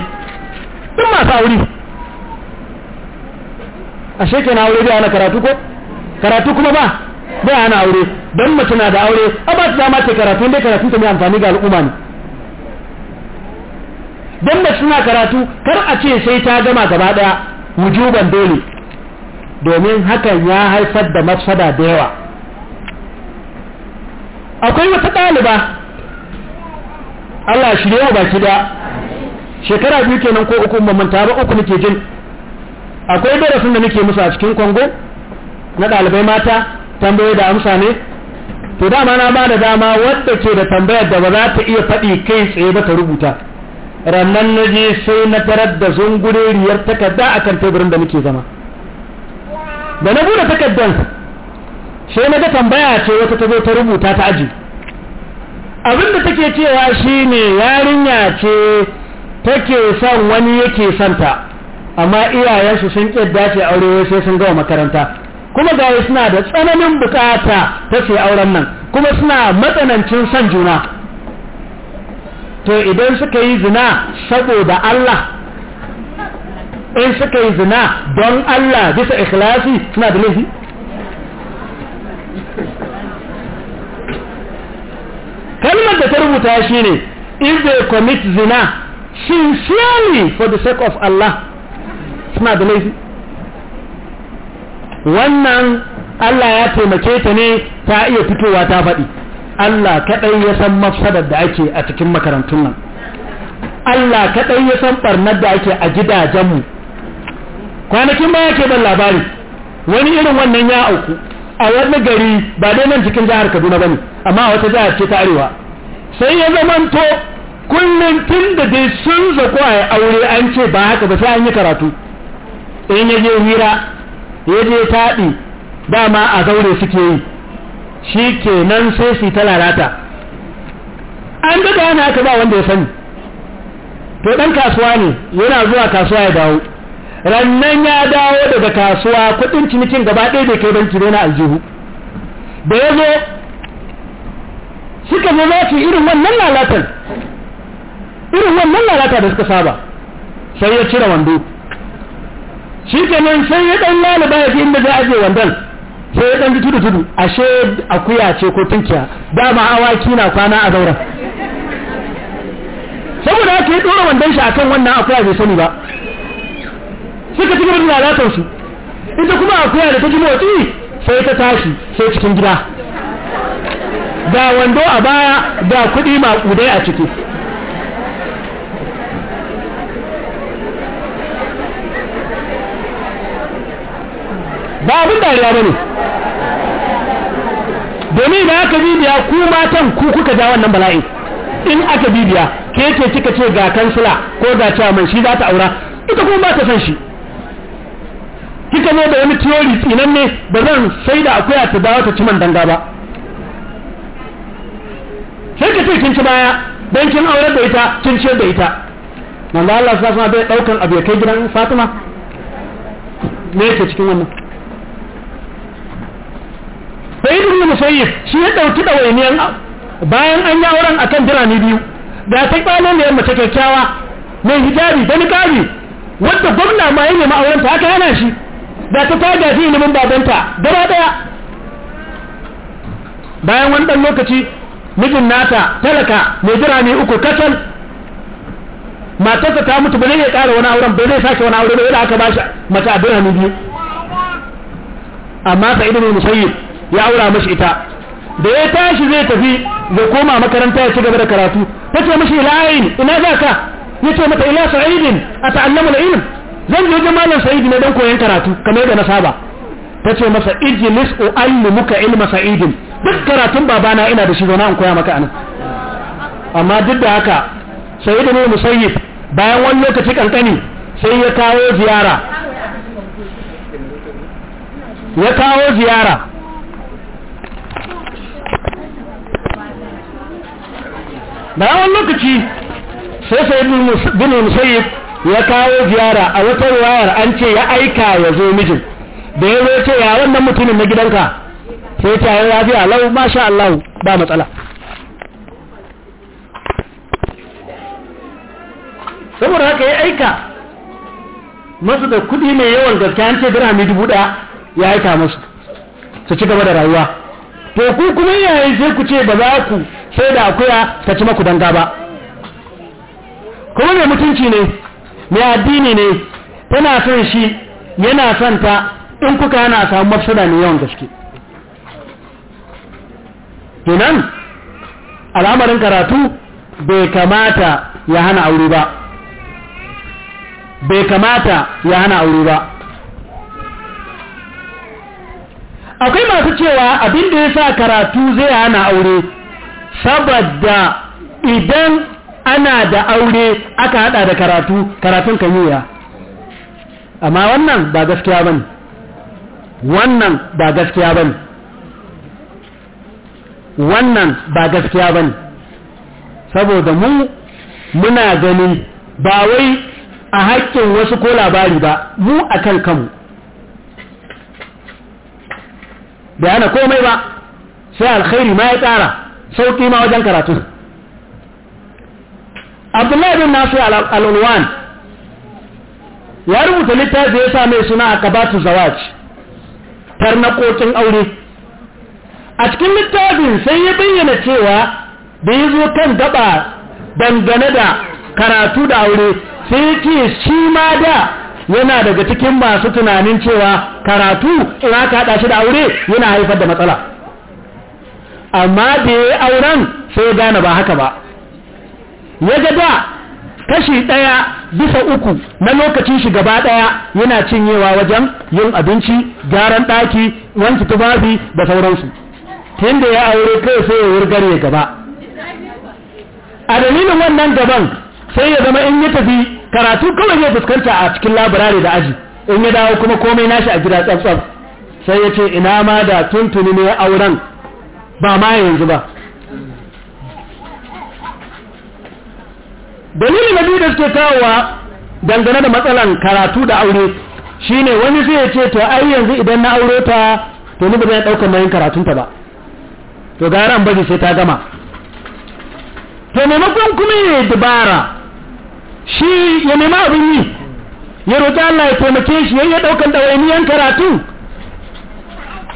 ɗin masu aure a shekina aure biya na karatu ko karatu kuma ba bai hana aure don mace na da aure a ba su dama ce karatu dai karatu ta mai amfani ga al'umma ne don mace na karatu kar a ce sai ta gama gaba daya wujuban dole domin hakan ya haifar da mafsada da yawa akwai wata ɗaliba Allah yau wa baki da shekara biyu kenan ko uku mamanta ba uku nake jin akwai darasin da nake musu a cikin kwango na ɗalibai mata tambaye da amsa ne to dama na ba da dama wadda ke da tambayar da ba za ta iya faɗi kai tsaye ba ta rubuta rannan na je sai na tarar da zunguriyar takarda a kan teburin da muke zama da na buɗe takardar sai na ga tambaya ce wata ta zo ta rubuta ta aji abin da take cewa shine yarinya ce take son wani yake santa amma iyayensu sun ƙyadda ce aure sai sun gawa makaranta kuma ga suna da tsananin bukata ta ce auren nan kuma suna matsanancin son juna to idan suka yi zina saboda Allah in suka yi zina don Allah bisa ikhlasi suna da laifi kalmar da ta rubuta shi ne if they commit zina sincerely for the sake of Allah suna da laifi wannan Allah ya taimake ta ne ta iya fitowa ta faɗi Allah kaɗai ya san mafsadar da ake a cikin makarantun nan Allah kaɗai ya san ɓarnar da ake a gidajenmu kwanakin ba yake ban labari wani irin wannan ya auku a wani gari ba dai nan cikin jihar kaduna ba ne amma a wata jihar ce ta arewa sai ya zamanto kullum tun da dai sun zaƙo a aure an ce ba haka ba sai an yi karatu in ya je hira ya je taɗi dama a zaure suke yi shi kenan sai su ta lalata an daga wani aka ba wanda ya sani to ɗan kasuwa ne yana zuwa kasuwa ya dawo rannan ya dawo daga kasuwa kudin cinikin gaba ɗaya bai kai banki ne na aljihu da ya zo suka zama ce irin wannan lalatar irin wannan lalata da suka saba sai ya cire wando shi kenan sai ya dan lalaba ya inda za a je wandan sai ya dan ji tudu tudu ashe akuya ce ko tunkiya ma awaki na kwana a zauren saboda haka ya dora wandan shi akan wannan akuya bai sani ba suka ci gaba da su ita kuma akuya da ta ji motsi sai ta tashi sai cikin gida ga wando a baya ga kuɗi maƙudai a ciki ba abin dariya ba ne domin da aka bibiya ku matan ku kuka ja wannan bala'in in aka bibiya ke ce kika ce ga kansila ko ga chairman shi za ta aura ita kuma ba ta san shi kika zo da wani theory tsinan ne ba zan sai da akuya ta dawo ta ci man danga ba sai ka ce kin ci baya dan kin aure da ita kin ce da ita manzo Allah sallallahu alaihi wasallam bai daukan abu ya kai gidan Fatima me yake cikin wannan sai ibn musayyib shi ya dauki dawainiyan bayan an yi auren akan birane biyu da ta kwanan da mace kyakkyawa mai hijabi da niqabi wanda gwamna ma auren ta haka yana shi da ta ta shi ilimin babanta gaba daya bayan wani dan lokaci mijin nata talaka mai birane uku kacal matarsa ta mutu ba zai iya ƙara wani auren ba zai sake wani aure ba aka ba shi mace a birane biyu amma sa'id ibn musayyib ya aura mashi ita da ya tashi zai tafi zai koma makaranta ya ci gaba da karatu ta ce mashi ila'ayin ina za ka ya ce mata ila sa'idin a ta'allamu da ilm zan je wajen malam sa'idi ne don koyon karatu kamar yadda na saba ta ce masa ijlis u'allimuka ilma sa'idin duk karatun babana ina da shi zauna in koya maka anan amma duk da haka sa'idi ne musayyib bayan wani lokaci kankani sai ya kawo ziyara ya kawo ziyara da yawan lokaci sai sai bin musayyib ya kawo ziyara a wata wayar an ce ya aika ya zo mijin da ya zo ce ya wannan mutumin na gidanka sai ta yi lafiya lau masha Allah ba matsala saboda haka ya aika masu da kudi mai yawan gaske an ce dirhami dubu daya ya aika masu su ci gaba da rayuwa to ku kuma iyaye sai ku ce ba za ku sai da akuya ta ci maku danga ba kuma mai mutunci ne mai addini ne tana son shi yana son ta in kuka yana samu mafsada ne yawan gaske tunan al'amarin karatu bai kamata ya hana aure ba bai kamata ya hana aure ba akwai masu cewa abin da ya sa karatu zai hana aure saboda idan ana da aure aka hada da karatu karatun kan yiwuya amma wannan ba gaskiya bane wannan ba gaskiya bane wannan ba gaskiya bane saboda mu muna ganin ba wai a haƙƙin wasu ko labari ba mu akan kanmu bai hana komai ba sai alkhairi ma ya tsara sauki ma wajen karatu abdullahi bin nasu al'ulwan ya rubuta littafi ya sa mai suna a kabatu na tarnakokin aure a cikin littafin sai ya bayyana cewa da ya zo kan gaba dangane da karatu da aure sai ya ce shi ma da yana daga cikin masu tunanin cewa karatu ina ka haɗa shi da aure yana haifar da matsala amma da ya yi auren sai gane ba haka ba ya ga da kashi ɗaya bisa uku na lokacin shi gaba ɗaya yana cinyewa wajen yin abinci gyaran ɗaki wanki tufafi da sauransu tun da ya aure kai sai ya wurgar ya gaba a dalilin wannan gaban sai ya zama in yi tafi karatu kawai zai fuskanta a cikin laburare da aji in ya dawo kuma komai nashi a gida tsaf sai ya ce ina ma da tuntuni ne auren ba ma yanzu ba dalilin na biyu da suke kawowa dangane da matsalan karatu da aure shine wani sai ya ce to ai yanzu idan na aure ta to ni ba zai daukar nayin karatunta ba to gara an bari sai ta gama to maimakon kuma ne dabara shi ya nema abin yi ya roƙi Allah ya taimake shi ya ɗaukan ɗawainiyan karatu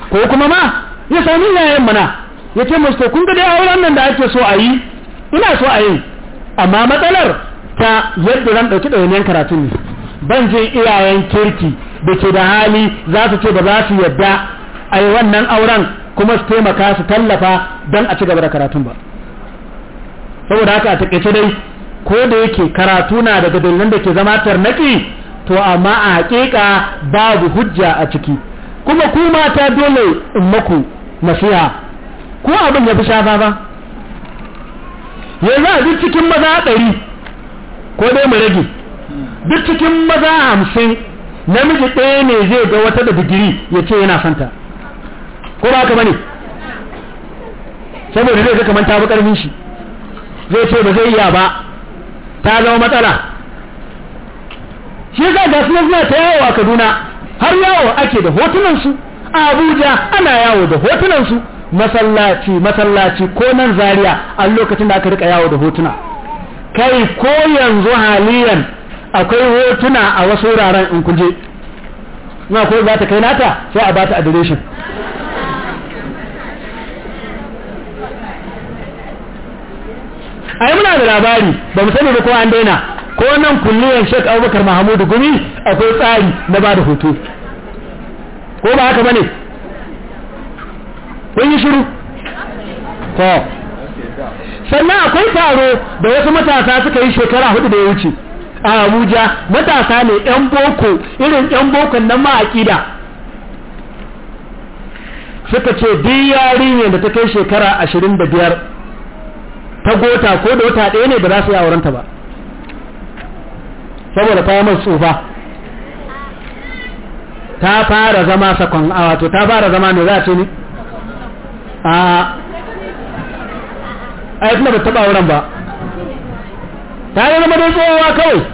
ko kuma ma ya sami yayin mana ya ce musu kun ga dai auren nan da ake so a yi ina so a yi amma matsalar ta yadda zan ɗauki ɗawainiyan karatu ne ban je iyayen kirki da ke da hali za su ce ba za su yadda a yi wannan auren kuma su taimaka su tallafa don a ci gaba da karatun ba saboda haka a taƙaice dai ko da yake karatu na daga dalilan da ke zama tarnaki to amma a hakika babu hujja a ciki kuma ku mata dole in maku nasiha ko abin ya fi shafa ba yanzu a duk cikin maza ɗari ko dai mu rage duk cikin maza hamsin namiji ɗaya ne zai ga wata da digiri ya ce yana santa ko ba ka bane saboda zai ga kamar ta fi ƙarfin shi zai ce ba zai iya ba ta zama matsala shi yasa ga suna suna ta yawo a kaduna har yawo ake da hotunansu a abuja ana yawo da hotunansu masallaci masallaci ko nan Zariya a lokacin da aka rika yawo da hotuna kai ko yanzu haliyan akwai hotuna a wasu wuraren in kuje na ko za ta kai nata sai a ba ta adireshin ai muna da labari ba mu sani ba ko an daina ko nan kulliyar shek Abubakar mahamudu Gumi akwai tsari na ba da hoto ko ba haka bane kun yi shiru ko. sannan akwai taro da wasu matasa suka yi shekara hudu da ya wuce a Abuja matasa ne yan boko irin yan bokon nan ma akida suka ce duk yarinya da ta kai shekara ashirin da biyar ta gota ko da wata ɗaya ne ba za su yi aurenta ba saboda ta mai tsufa ta fara zama sakon a wato ta fara zama ne za a ce ne a ayyukan da ba taɓa wurin ba ta yi zama don tsohuwa kawai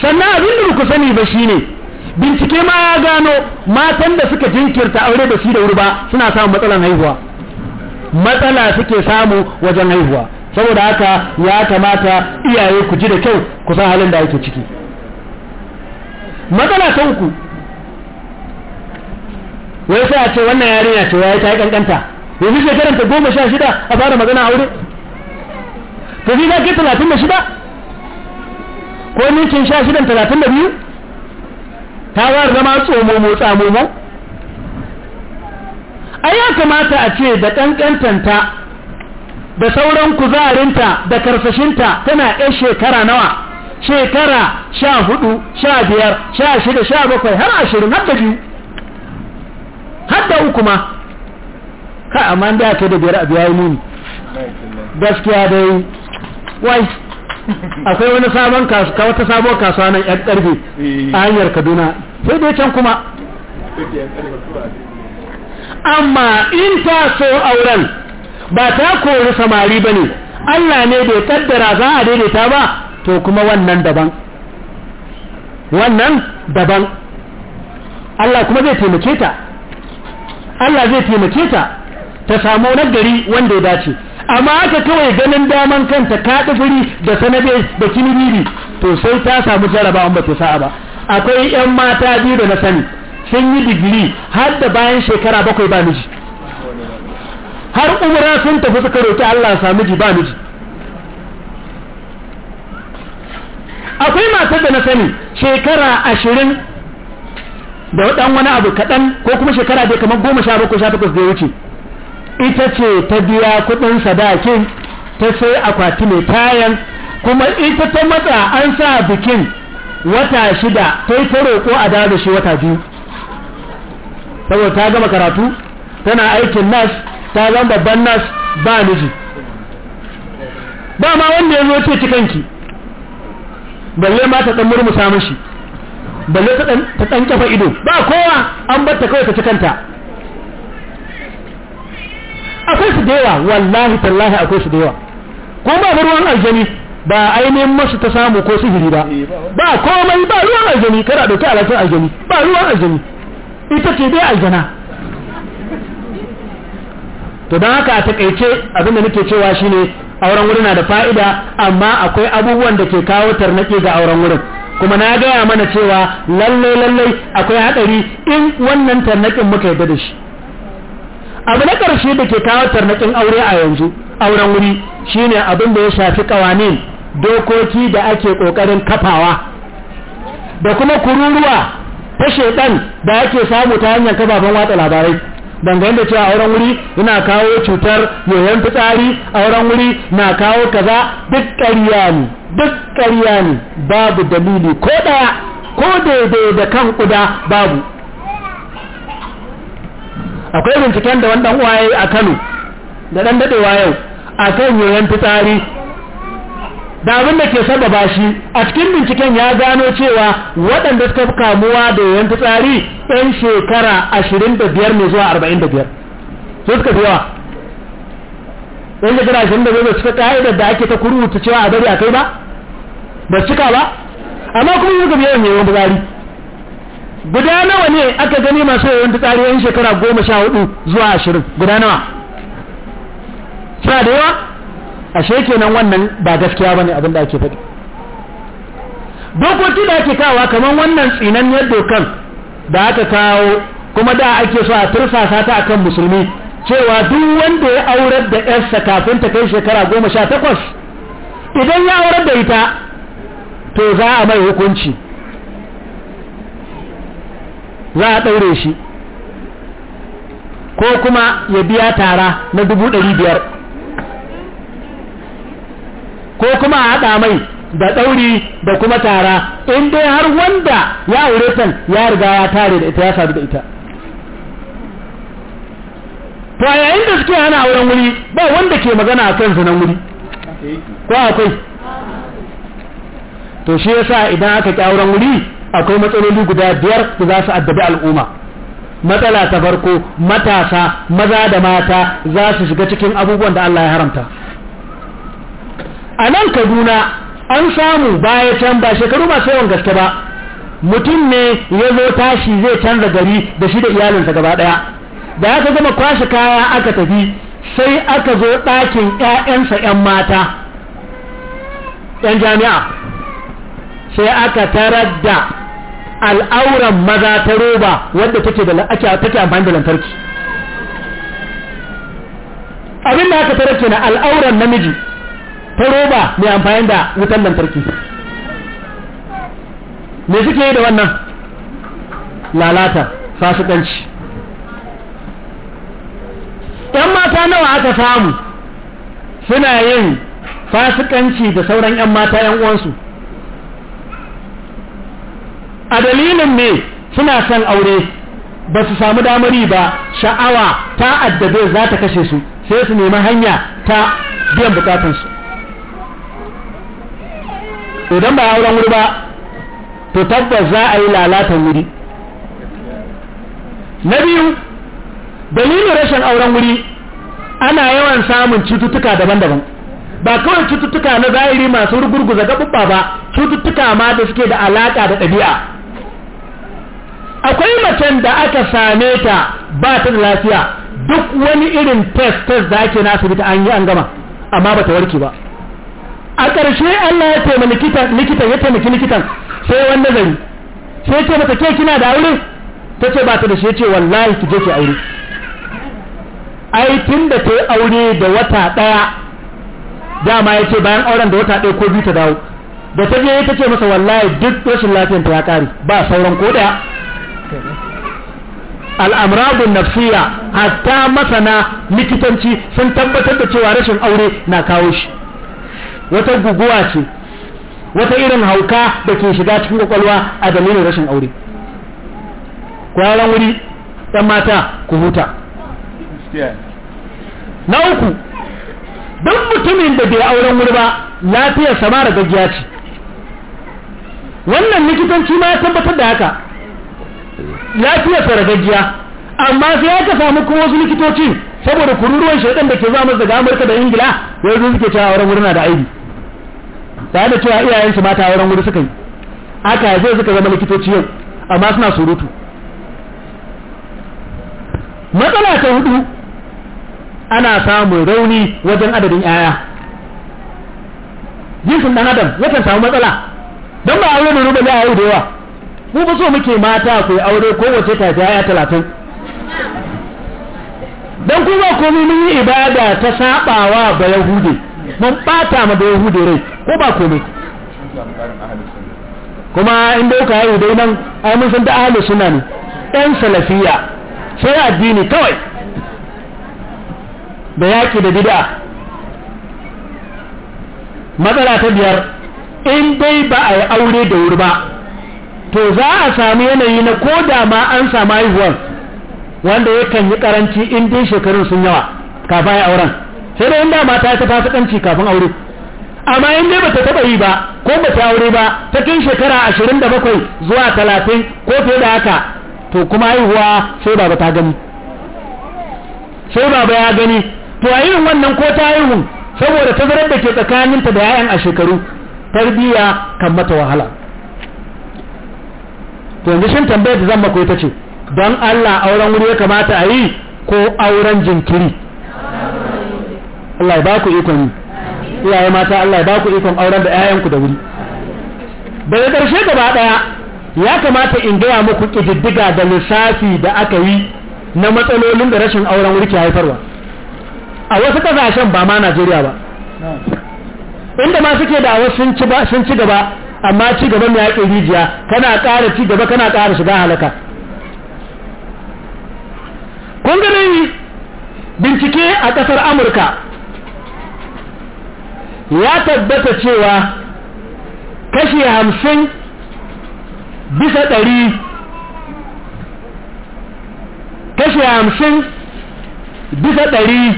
sannan abin da ku sani ba shi ne bincike ma ya gano matan da suka jinkirta aure da shi da wuri ba suna samun matsalan haihuwa matsala suke samu wajen haihuwa saboda haka ya kamata iyaye ku ji da kyau ku san halin da ake ciki matsala ta uku wai sai a ce wannan yarinya ce wai ta yi kankanta yanzu shekaran ta goma sha shida a fara magana aure ta fi zaki talatin da shida ko ninkin sha shidan talatin da biyu ta zama tsomo motsa momo ai ya kamata a ce da ƙanƙantanta da sauran kuzarinta da karsashinta tana 'yan shekara nawa shekara sha hudu sha biyar sha shida sha bakwai har ashirin hadda biyu hadda uku ma ka amma da ake da biyar abu ya yi nuni gaskiya dai wai akwai wani sabon kasuwa wata sabon kasuwa nan yan karfe a hanyar kaduna sai dai can kuma amma in ta so auren ba ta kori samari ba ne Allah ne bai kaddara za a daidaita ba to kuma wannan daban wannan daban Allah kuma zai taimake ta Allah zai taimake ta ta samu nagari wanda ya dace amma aka kawai ganin daman kanta ka biri da sanabe da kinibiri to sai ta samu jaraba an ba ta sa'a ba akwai yan mata biyu da na sani sun yi digiri har da bayan shekara bakwai ba miji har umra sun tafi suka roƙi Allah sa miji ba miji akwai matar da na sani shekara ashirin da waɗan wani abu kaɗan ko kuma shekara dai kamar goma sha bakwai sha takwas da ya wuce ita ce ta biya kuɗin sadakin ta sai akwati mai tayan kuma ita ta matsa an sa bikin wata shida ta yi ta roƙo a dawo da shi wata biyu saboda ta gama karatu tana aikin nas ta zama babban nas ba miji ba ma wanda ya zo ce cikanki balle ma ta tsammuru musamman shi balle ta dan kafa ido ba kowa an bar ta kawai ta cikanta akwai su da yawa wallahi tallahi akwai su da yawa ko ba ruwan aljani ba ainihin masu ta samu ko sihiri ba ba komai ba ruwan aljani kada dauki alatar aljani ba ruwan aljani ita ce dai aljana to don haka a takaice da nake cewa shine auren wuri na da fa'ida amma akwai abubuwan da ke kawo tarnaki ga auren wurin kuma na gaya mana cewa lallai lallai akwai hadari in wannan tarnakin muka yi da shi abu na ƙarshe da ke kawo tarnakin aure a yanzu auren wuri shine abin da ya shafi kawanin dokoki da ake ƙoƙarin kafawa da kuma kururuwa ta shedan da yake samu ta hanyar kafafen watsa labarai dangane da cewa auren wuri yana kawo cutar yoyon fitsari auren wuri na kawo kaza duk ƙarya ne duk ƙarya ne babu dalili ko ɗaya ko daidai da kan kuda babu akwai binciken da uwa ya uwaye a kano da ɗan daɗewa yau a kan yoyon fitsari da abin da ke sababa shi a cikin binciken ya gano cewa waɗanda suka kamuwa da yan fitsari 'yan shekara 25 ne zuwa 45 su suka fi yawa ɗan shekara 25 da suka ka'idar da ake ta kurutu cewa a bari a kai ba ba cika ba amma kuma yi gaba yawan yawan fitsari guda nawa ne aka gani masu yawan fitsari 'yan shekara 14 zuwa 20 guda nawa suna da yawa ashe kenan wannan ba gaskiya bane abin da ake faɗi dokoki da ake kawa kamar wannan tsinanniyar dokan da aka kawo kuma da ake so a tursasa ta akan musulmi cewa duk wanda ya aurar da yarsa kafin ta kai shekara goma sha takwas idan ya aurar da ita to za a mai hukunci za a ɗaure shi ko kuma ya biya tara na dubu ɗari biyar ko kuma a haɗa mai da ɗauri da kuma tara in dai har wanda ya aure ta ya riga ya tare da ita ya sadu da ita to a yayin da suke hana auren wuri ba wanda ke magana a kan nan wuri ko akwai to shi yasa idan aka ƙi auren wuri akwai matsaloli guda biyar da za su addabi al'umma matsala ta farko matasa maza da mata za su shiga cikin abubuwan da Allah ya haramta a nan kaduna an samu baya can ba shekaru masu yawan gaske ba mutum ne ya zo tashi zai canza gari da shi da iyalinsa gaba daya da aka zama kwashe kaya aka tafi sai aka zo ɗakin 'ya'yansa 'yan mata 'yan jami'a sai aka tarar da al'auran maza ta roba wadda take amfani da lantarki abin da aka tarar kenan al'auran namiji ta roba mai amfani da wutan lantarki me suke yi da wannan lalata fasikanci ‘yan mata nawa aka samu suna yin fasikanci da sauran ‘yan mata ‘yan uwansu a dalilin me suna son aure ba su samu damari ba sha'awa ta addabe za ta kashe su sai su nemi hanya ta biyan bukatansu? idan ba auren wuri ba to tabbas za a yi lalatan wuri na biyu dalilin rashin auren wuri ana yawan samun cututtuka daban-daban ba kawai cututtuka na zahiri masu rugurguza gaɓuɓɓa ba cututtuka ma da suke da alaƙa da ɗabi'a akwai macen da aka same ta ba ta da lafiya duk wani irin test test da ake na an yi an gama amma ba ta warke ba a ƙarshe Allah ya taimaki likitan likitan ya taimaki likitan sai wani nazari sai ya ce mata ke kina da aure ta ce ba ta da shi ya ce wallahi ki je ki aure ai tun da ta yi aure da wata ɗaya dama ya ce bayan auren da wata ɗaya ko biyu ta dawo da ta je ta ce masa wallahi duk rashin lafiyanta ya kare ba sauran ko ɗaya. al'amradun nafsiya hatta masana likitanci sun tabbatar da cewa rashin aure na kawo shi wata guguwa ce wata irin hauka da ke shiga cikin kwakwalwa a dalilin rashin aure kwaran wuri ɗan mata ku huta na uku don mutumin da bai auren wuri ba lafiyar sama da gajiya ce wannan likitanci ma ya tabbatar da haka lafiyar sa gajiya amma sai aka samu kuma wasu likitoci saboda kururuwan shaidan da ke zama daga amurka da ingila yanzu suke cewa auren wuri na da aibi tare da cewa iyayensu mata wurin wuri suka yi aka haife suka zama likitoci yau amma suna surutu matsala ta hudu ana samun rauni wajen adadin yaya jinsin dan adam ya samu matsala don ba aure mai rubar yaya da yawa mu ba so muke mata ku aure ko wace ta yaya talatin don kuma komai mun yi ibada ta sabawa ba yahude mun bata ma da yahudu rai ko ba komai kuma in da ka haihu dai nan ai mun san da ahli sunna ne dan salafiya sai addini kawai da yaki da bid'a matsala ta biyar in dai ba a yi aure da wuri ba to za a sami yanayi na ko da ma an samu haihuwar wanda yakan yi karanci in dai shekarun sun yawa kafin auren sai da inda mata ta fasa fasikanci kafin aure amma in dai bata taba yi ba ko bata aure ba ta kin shekara 27 zuwa 30 ko fiye da haka to kuma haihuwa sai baba ta gani sai baba ya gani to a irin wannan ko ta haihu saboda tazarar da ke tsakaninta da yayan a shekaru tarbiya kan mata wahala to yanzu shin tambayar da zan mako ita ce don Allah auren wuri ya kamata a yi ko auren jinkiri Allah ya ba ku ikon yi iyaye mata Allah ya ba ku ikon auren da 'ya'yanku da wuri daga ƙarshe gaba ɗaya ya kamata in gaya muku ƙididdiga da lissafi da aka yi na matsalolin da rashin auren wuri ke haifarwa a wasu ƙasashen ba ma Najeriya ba inda ma suke da wasu sun ci gaba amma ci gaba ya yaƙi rijiya kana ƙara ci gaba kana ƙara shiga halaka kun bincike a ƙasar amurka ya tabbata cewa kashi hamsin bisa ɗari kashi hamsin bisa ɗari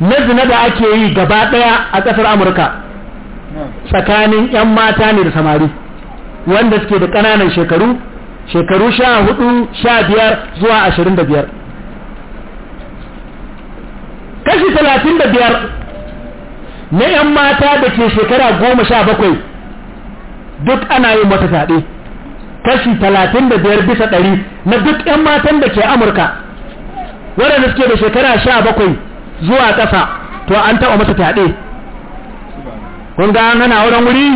na zina da ake yi gaba ɗaya a ƙasar amurka tsakanin 'yan mata ne da samari wanda suke da ƙananan shekaru shekaru sha hudu sha biyar zuwa ashirin da biyar kashi talatin da biyar na 'yan mata da ke shekara goma sha bakwai duk ana yin wata fyaɗe kashi talatin da biyar bisa ɗari na duk 'yan matan da ke amurka waɗanda suke da shekara sha bakwai zuwa ƙasa to an taɓa mata fyaɗe kun ga an hana wurin wuri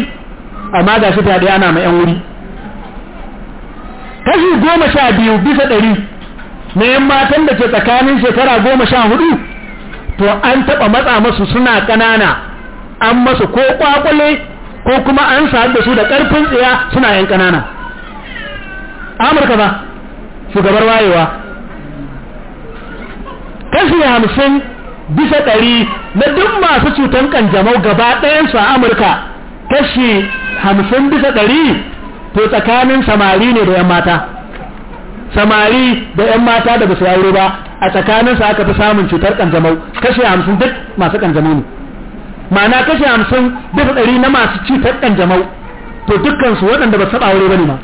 amma ga shi fyaɗe ana ma 'yan wuri kashi goma sha biyu bisa ɗari na 'yan matan da ke tsakanin shekara goma sha hudu to an taɓa matsa masu suna ƙanana an masu ko ƙwaƙwale ko kuma an sa'ad da su da ƙarfin tsiya suna yan ƙanana amurka ba shugabar wayewa kashi hamsin bisa ɗari na duk masu cutan ƙanjamau gaba ɗayansu a amurka kashi hamsin bisa ɗari to tsakanin samari ne da yan mata samari da yan mata da basu aure ba a tsakanin su aka fi samun cutar kanjamau kashi 50 duk masu kanjamau ne ma'ana kashi 50 duk 100 na masu cutar kanjamau to dukkan su waɗanda ba su aure bane ma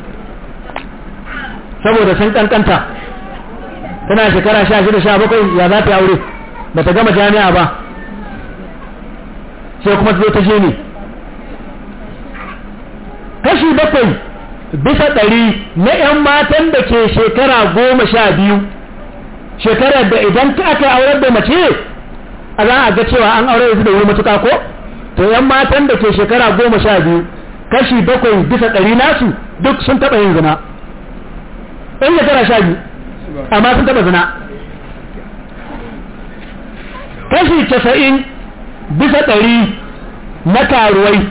saboda sun kankanta tana shekara 16 17 ya za ta aure ba ta gama jami'a ba sai kuma ta zo ta je ne kashi bakwai bisa ɗari na 'yan matan da ke shekara goma sha biyu shekarar da idan ta aka aurar da mace a za a ga cewa an aure yanzu da wuri matuka ko to 'yan matan da ke shekara goma sha biyu kashi bakwai bisa ɗari nasu duk sun taɓa yin zina ɗan shekara sha biyu amma sun taɓa zina kashi casa'in bisa ɗari na karuwai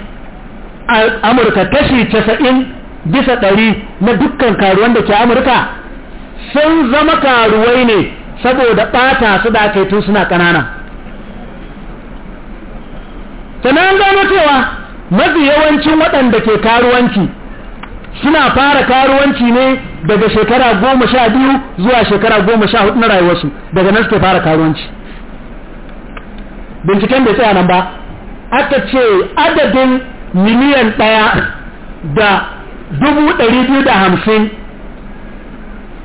a amurka kashi casa'in bisa ɗari na dukkan karuwan da ke amurka sun zama karuwai ne saboda ɓata su da aka yi tun suna ƙanana sannan gano cewa mafi yawancin waɗanda ke karuwanci suna fara karuwanci ne daga shekara goma sha biyu zuwa shekara goma sha hudu na rayuwarsu daga nan suke fara karuwanci binciken bai tsaya nan ba aka ce adadin miliyan ɗaya da dubu ɗari biyu da hamsin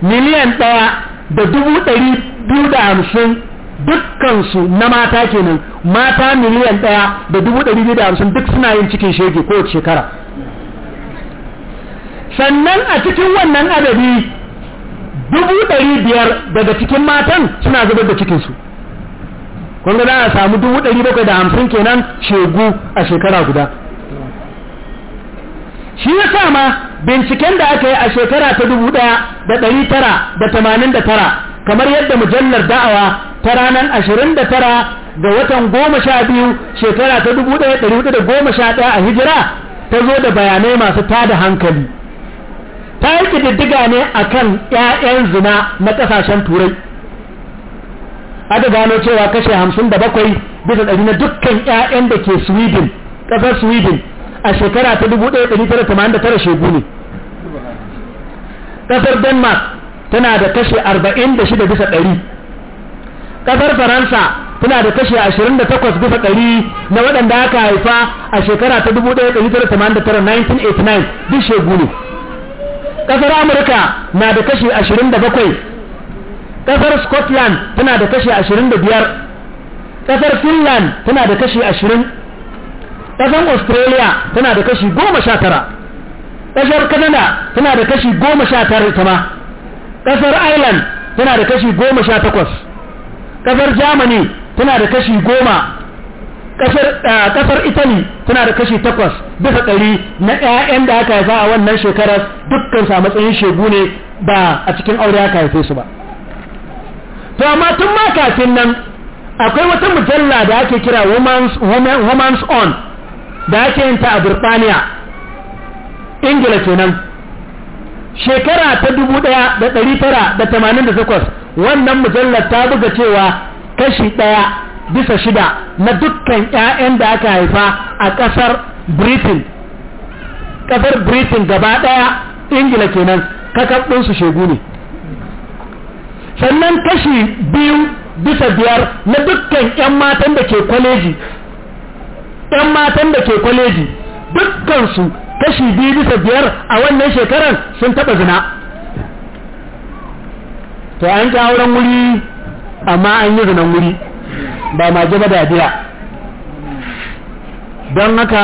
miliyan ɗaya da dubu ɗari biyu da hamsin dukkansu na mata kenan mata miliyan ɗaya da dubu ɗari biyu da hamsin duk suna yin cikin shege kowace shekara sannan a cikin wannan adadi dubu ɗari biyar daga cikin matan suna zubar da cikinsu kun za a samu dubu ɗari bakwai da hamsin kenan shegu a shekara guda shi yasa ma binciken da aka yi a shekara ta dubu ɗaya da kamar yadda mujallar da'awa ta ranar ashirin ga watan goma sha biyu shekara ta dubu sha ɗaya a hijira ta zo da bayanai masu tada hankali ta yi ƙididdiga ne a kan 'ya'yan zina na ƙasashen turai aka gano cewa kashe hamsin bisa ɗari na dukkan 'ya'yan da ke sweden ƙasar sweden a shekara ta 1989 shegu ne ƙasar denmark tana da kashe 46 bisa 100 ƙasar faransa tana da kashe 28 bisa 100 na waɗanda aka haifa a shekara ta 1989 duk shegu ne ƙasar amurka na da kashe 27 ƙasar scotland tana da kashe 25 ƙasar finland tana da kashe 20 ƙasar australia tana da kashi goma sha tara ƙasar canada tana da kashi goma sha tara ita ma ƙasar ireland tana da kashi goma sha takwas ƙasar germany tana da kashi goma ƙasar italy tana da kashi takwas bisa ɗari na 'ya'yan da aka haifa a wannan shekarar dukkan sa matsayin shegu ne ba a cikin aure aka haife su ba to amma tun ma kafin nan akwai wata mujalla da ake kira woman's on da ake yin ta a burtaniya ingila kenan shekara ta 1988 wannan mujallar ta buga cewa kashi ɗaya bisa shida na dukkan 'ya'yan da aka haifa a ƙasar britain ƙasar britain gaba ɗaya ingila kenan kakaɓinsu shegu ne sannan kashi biyu bisa biyar na dukkan 'yan matan da ke kwaleji 'yan matan da ke kwaleji dukkansu kashi biyu bisa biyar a wannan shekarar sun taɓa zina to an ƙi auren wuri amma an yi zinan wuri ba ma ba da don haka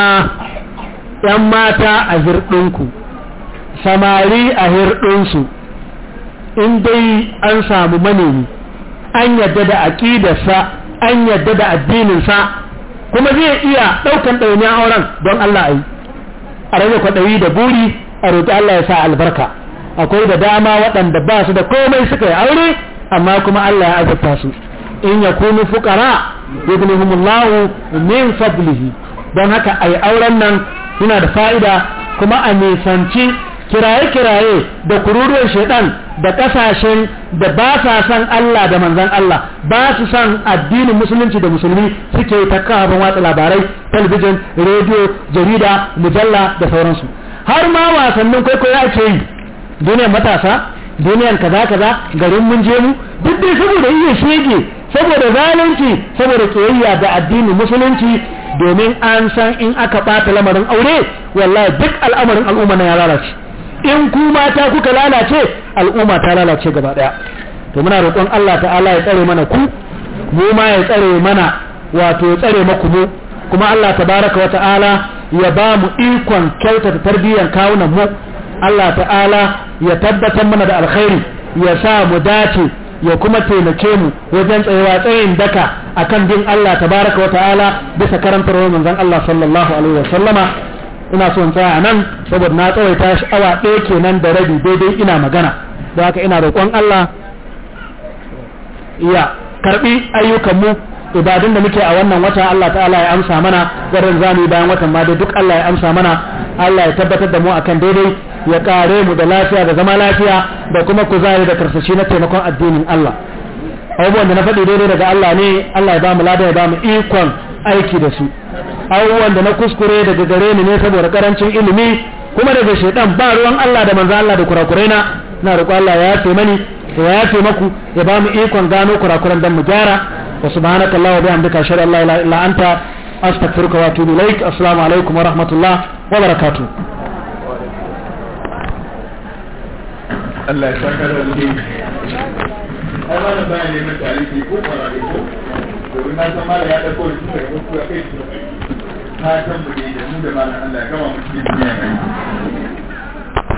'yan mata a hirɗinku samari a hirɗinsu in dai an samu manomi an yadda da aƙidarsa an yadda da addininsa kuma zai iya ɗaukan a auren don Allah a a rage kwaɗayi da buri a roƙi Allah ya sa albarka akwai da dama waɗanda ba su da komai suka yi aure amma kuma Allah ya azabta su in ya kunu fukara yughnihumullahu min fadlihi don haka ai auren nan yana da fa'ida kuma a nisanci kiraye-kiraye da kururuwar shaidan da kasashen da ba sa san Allah da manzan Allah ba su san addinin musulunci da musulmi suke ta kafin watsa labarai talabijin, rediyo jarida mujalla da sauransu har ma wasannin kwaikwayo ake yi duniyan matasa duniyar kaza kaza garin mun je mu duk dai saboda iya shege saboda zalunci saboda kiyayya da addinin musulunci domin an san in aka ɓata lamarin aure wallahi duk al'amarin al'umma na ya lalace in ku mata kuka lalace al'umma ta lalace gaba daya to muna roƙon Allah ta'ala ya tsare mana ku mu ma ya tsare mana wato ya tsare maku mu kuma Allah tabaraka wa ta'ala ya ba mu ikon kyautata tarbiyyar kawunan mu Allah ta'ala ya tabbatar mana da alkhairi ya sa mu dace ya kuma taimake mu wajen tsayawa tsayin daka akan bin Allah tabaraka wa ta'ala bisa karantar manzon Allah sallallahu alaihi wa sallama ina son tsaya nan saboda na tsawaita shi awa ɗaya kenan da rabi daidai ina magana da haka ina roƙon Allah ya karbi mu ibadun da muke a wannan wata Allah ta'ala ya amsa mana garin zamu bayan watan ma dai duk Allah ya amsa mana Allah ya tabbatar da mu akan daidai ya kare mu da lafiya da zama lafiya da kuma kuzari da karsashi na taimakon addinin Allah abubuwan da na faɗi daidai daga Allah ne Allah ya ba mu lada ya ba mu ikon aiki da su abubuwan da na kuskure daga gare ni ne saboda karancin ilimi kuma daga shaidan ba ruwan Allah da manzo Allah da kurakurai na na roƙo Allah ya yafe mani da ya yafe maku ya ba mu ikon gano kurakuran dan mu gyara wa subhanaka Allah wa bihamdika ashhadu an la ilaha anta astaghfiruka wa atubu ilaik assalamu alaikum wa rahmatullah wa barakatuh Allah ya saka da wani ai ba da tarihi ko ko domin na san ya da ya kai su da fatan mu da mu da malam Allah gama mu cikin duniya mai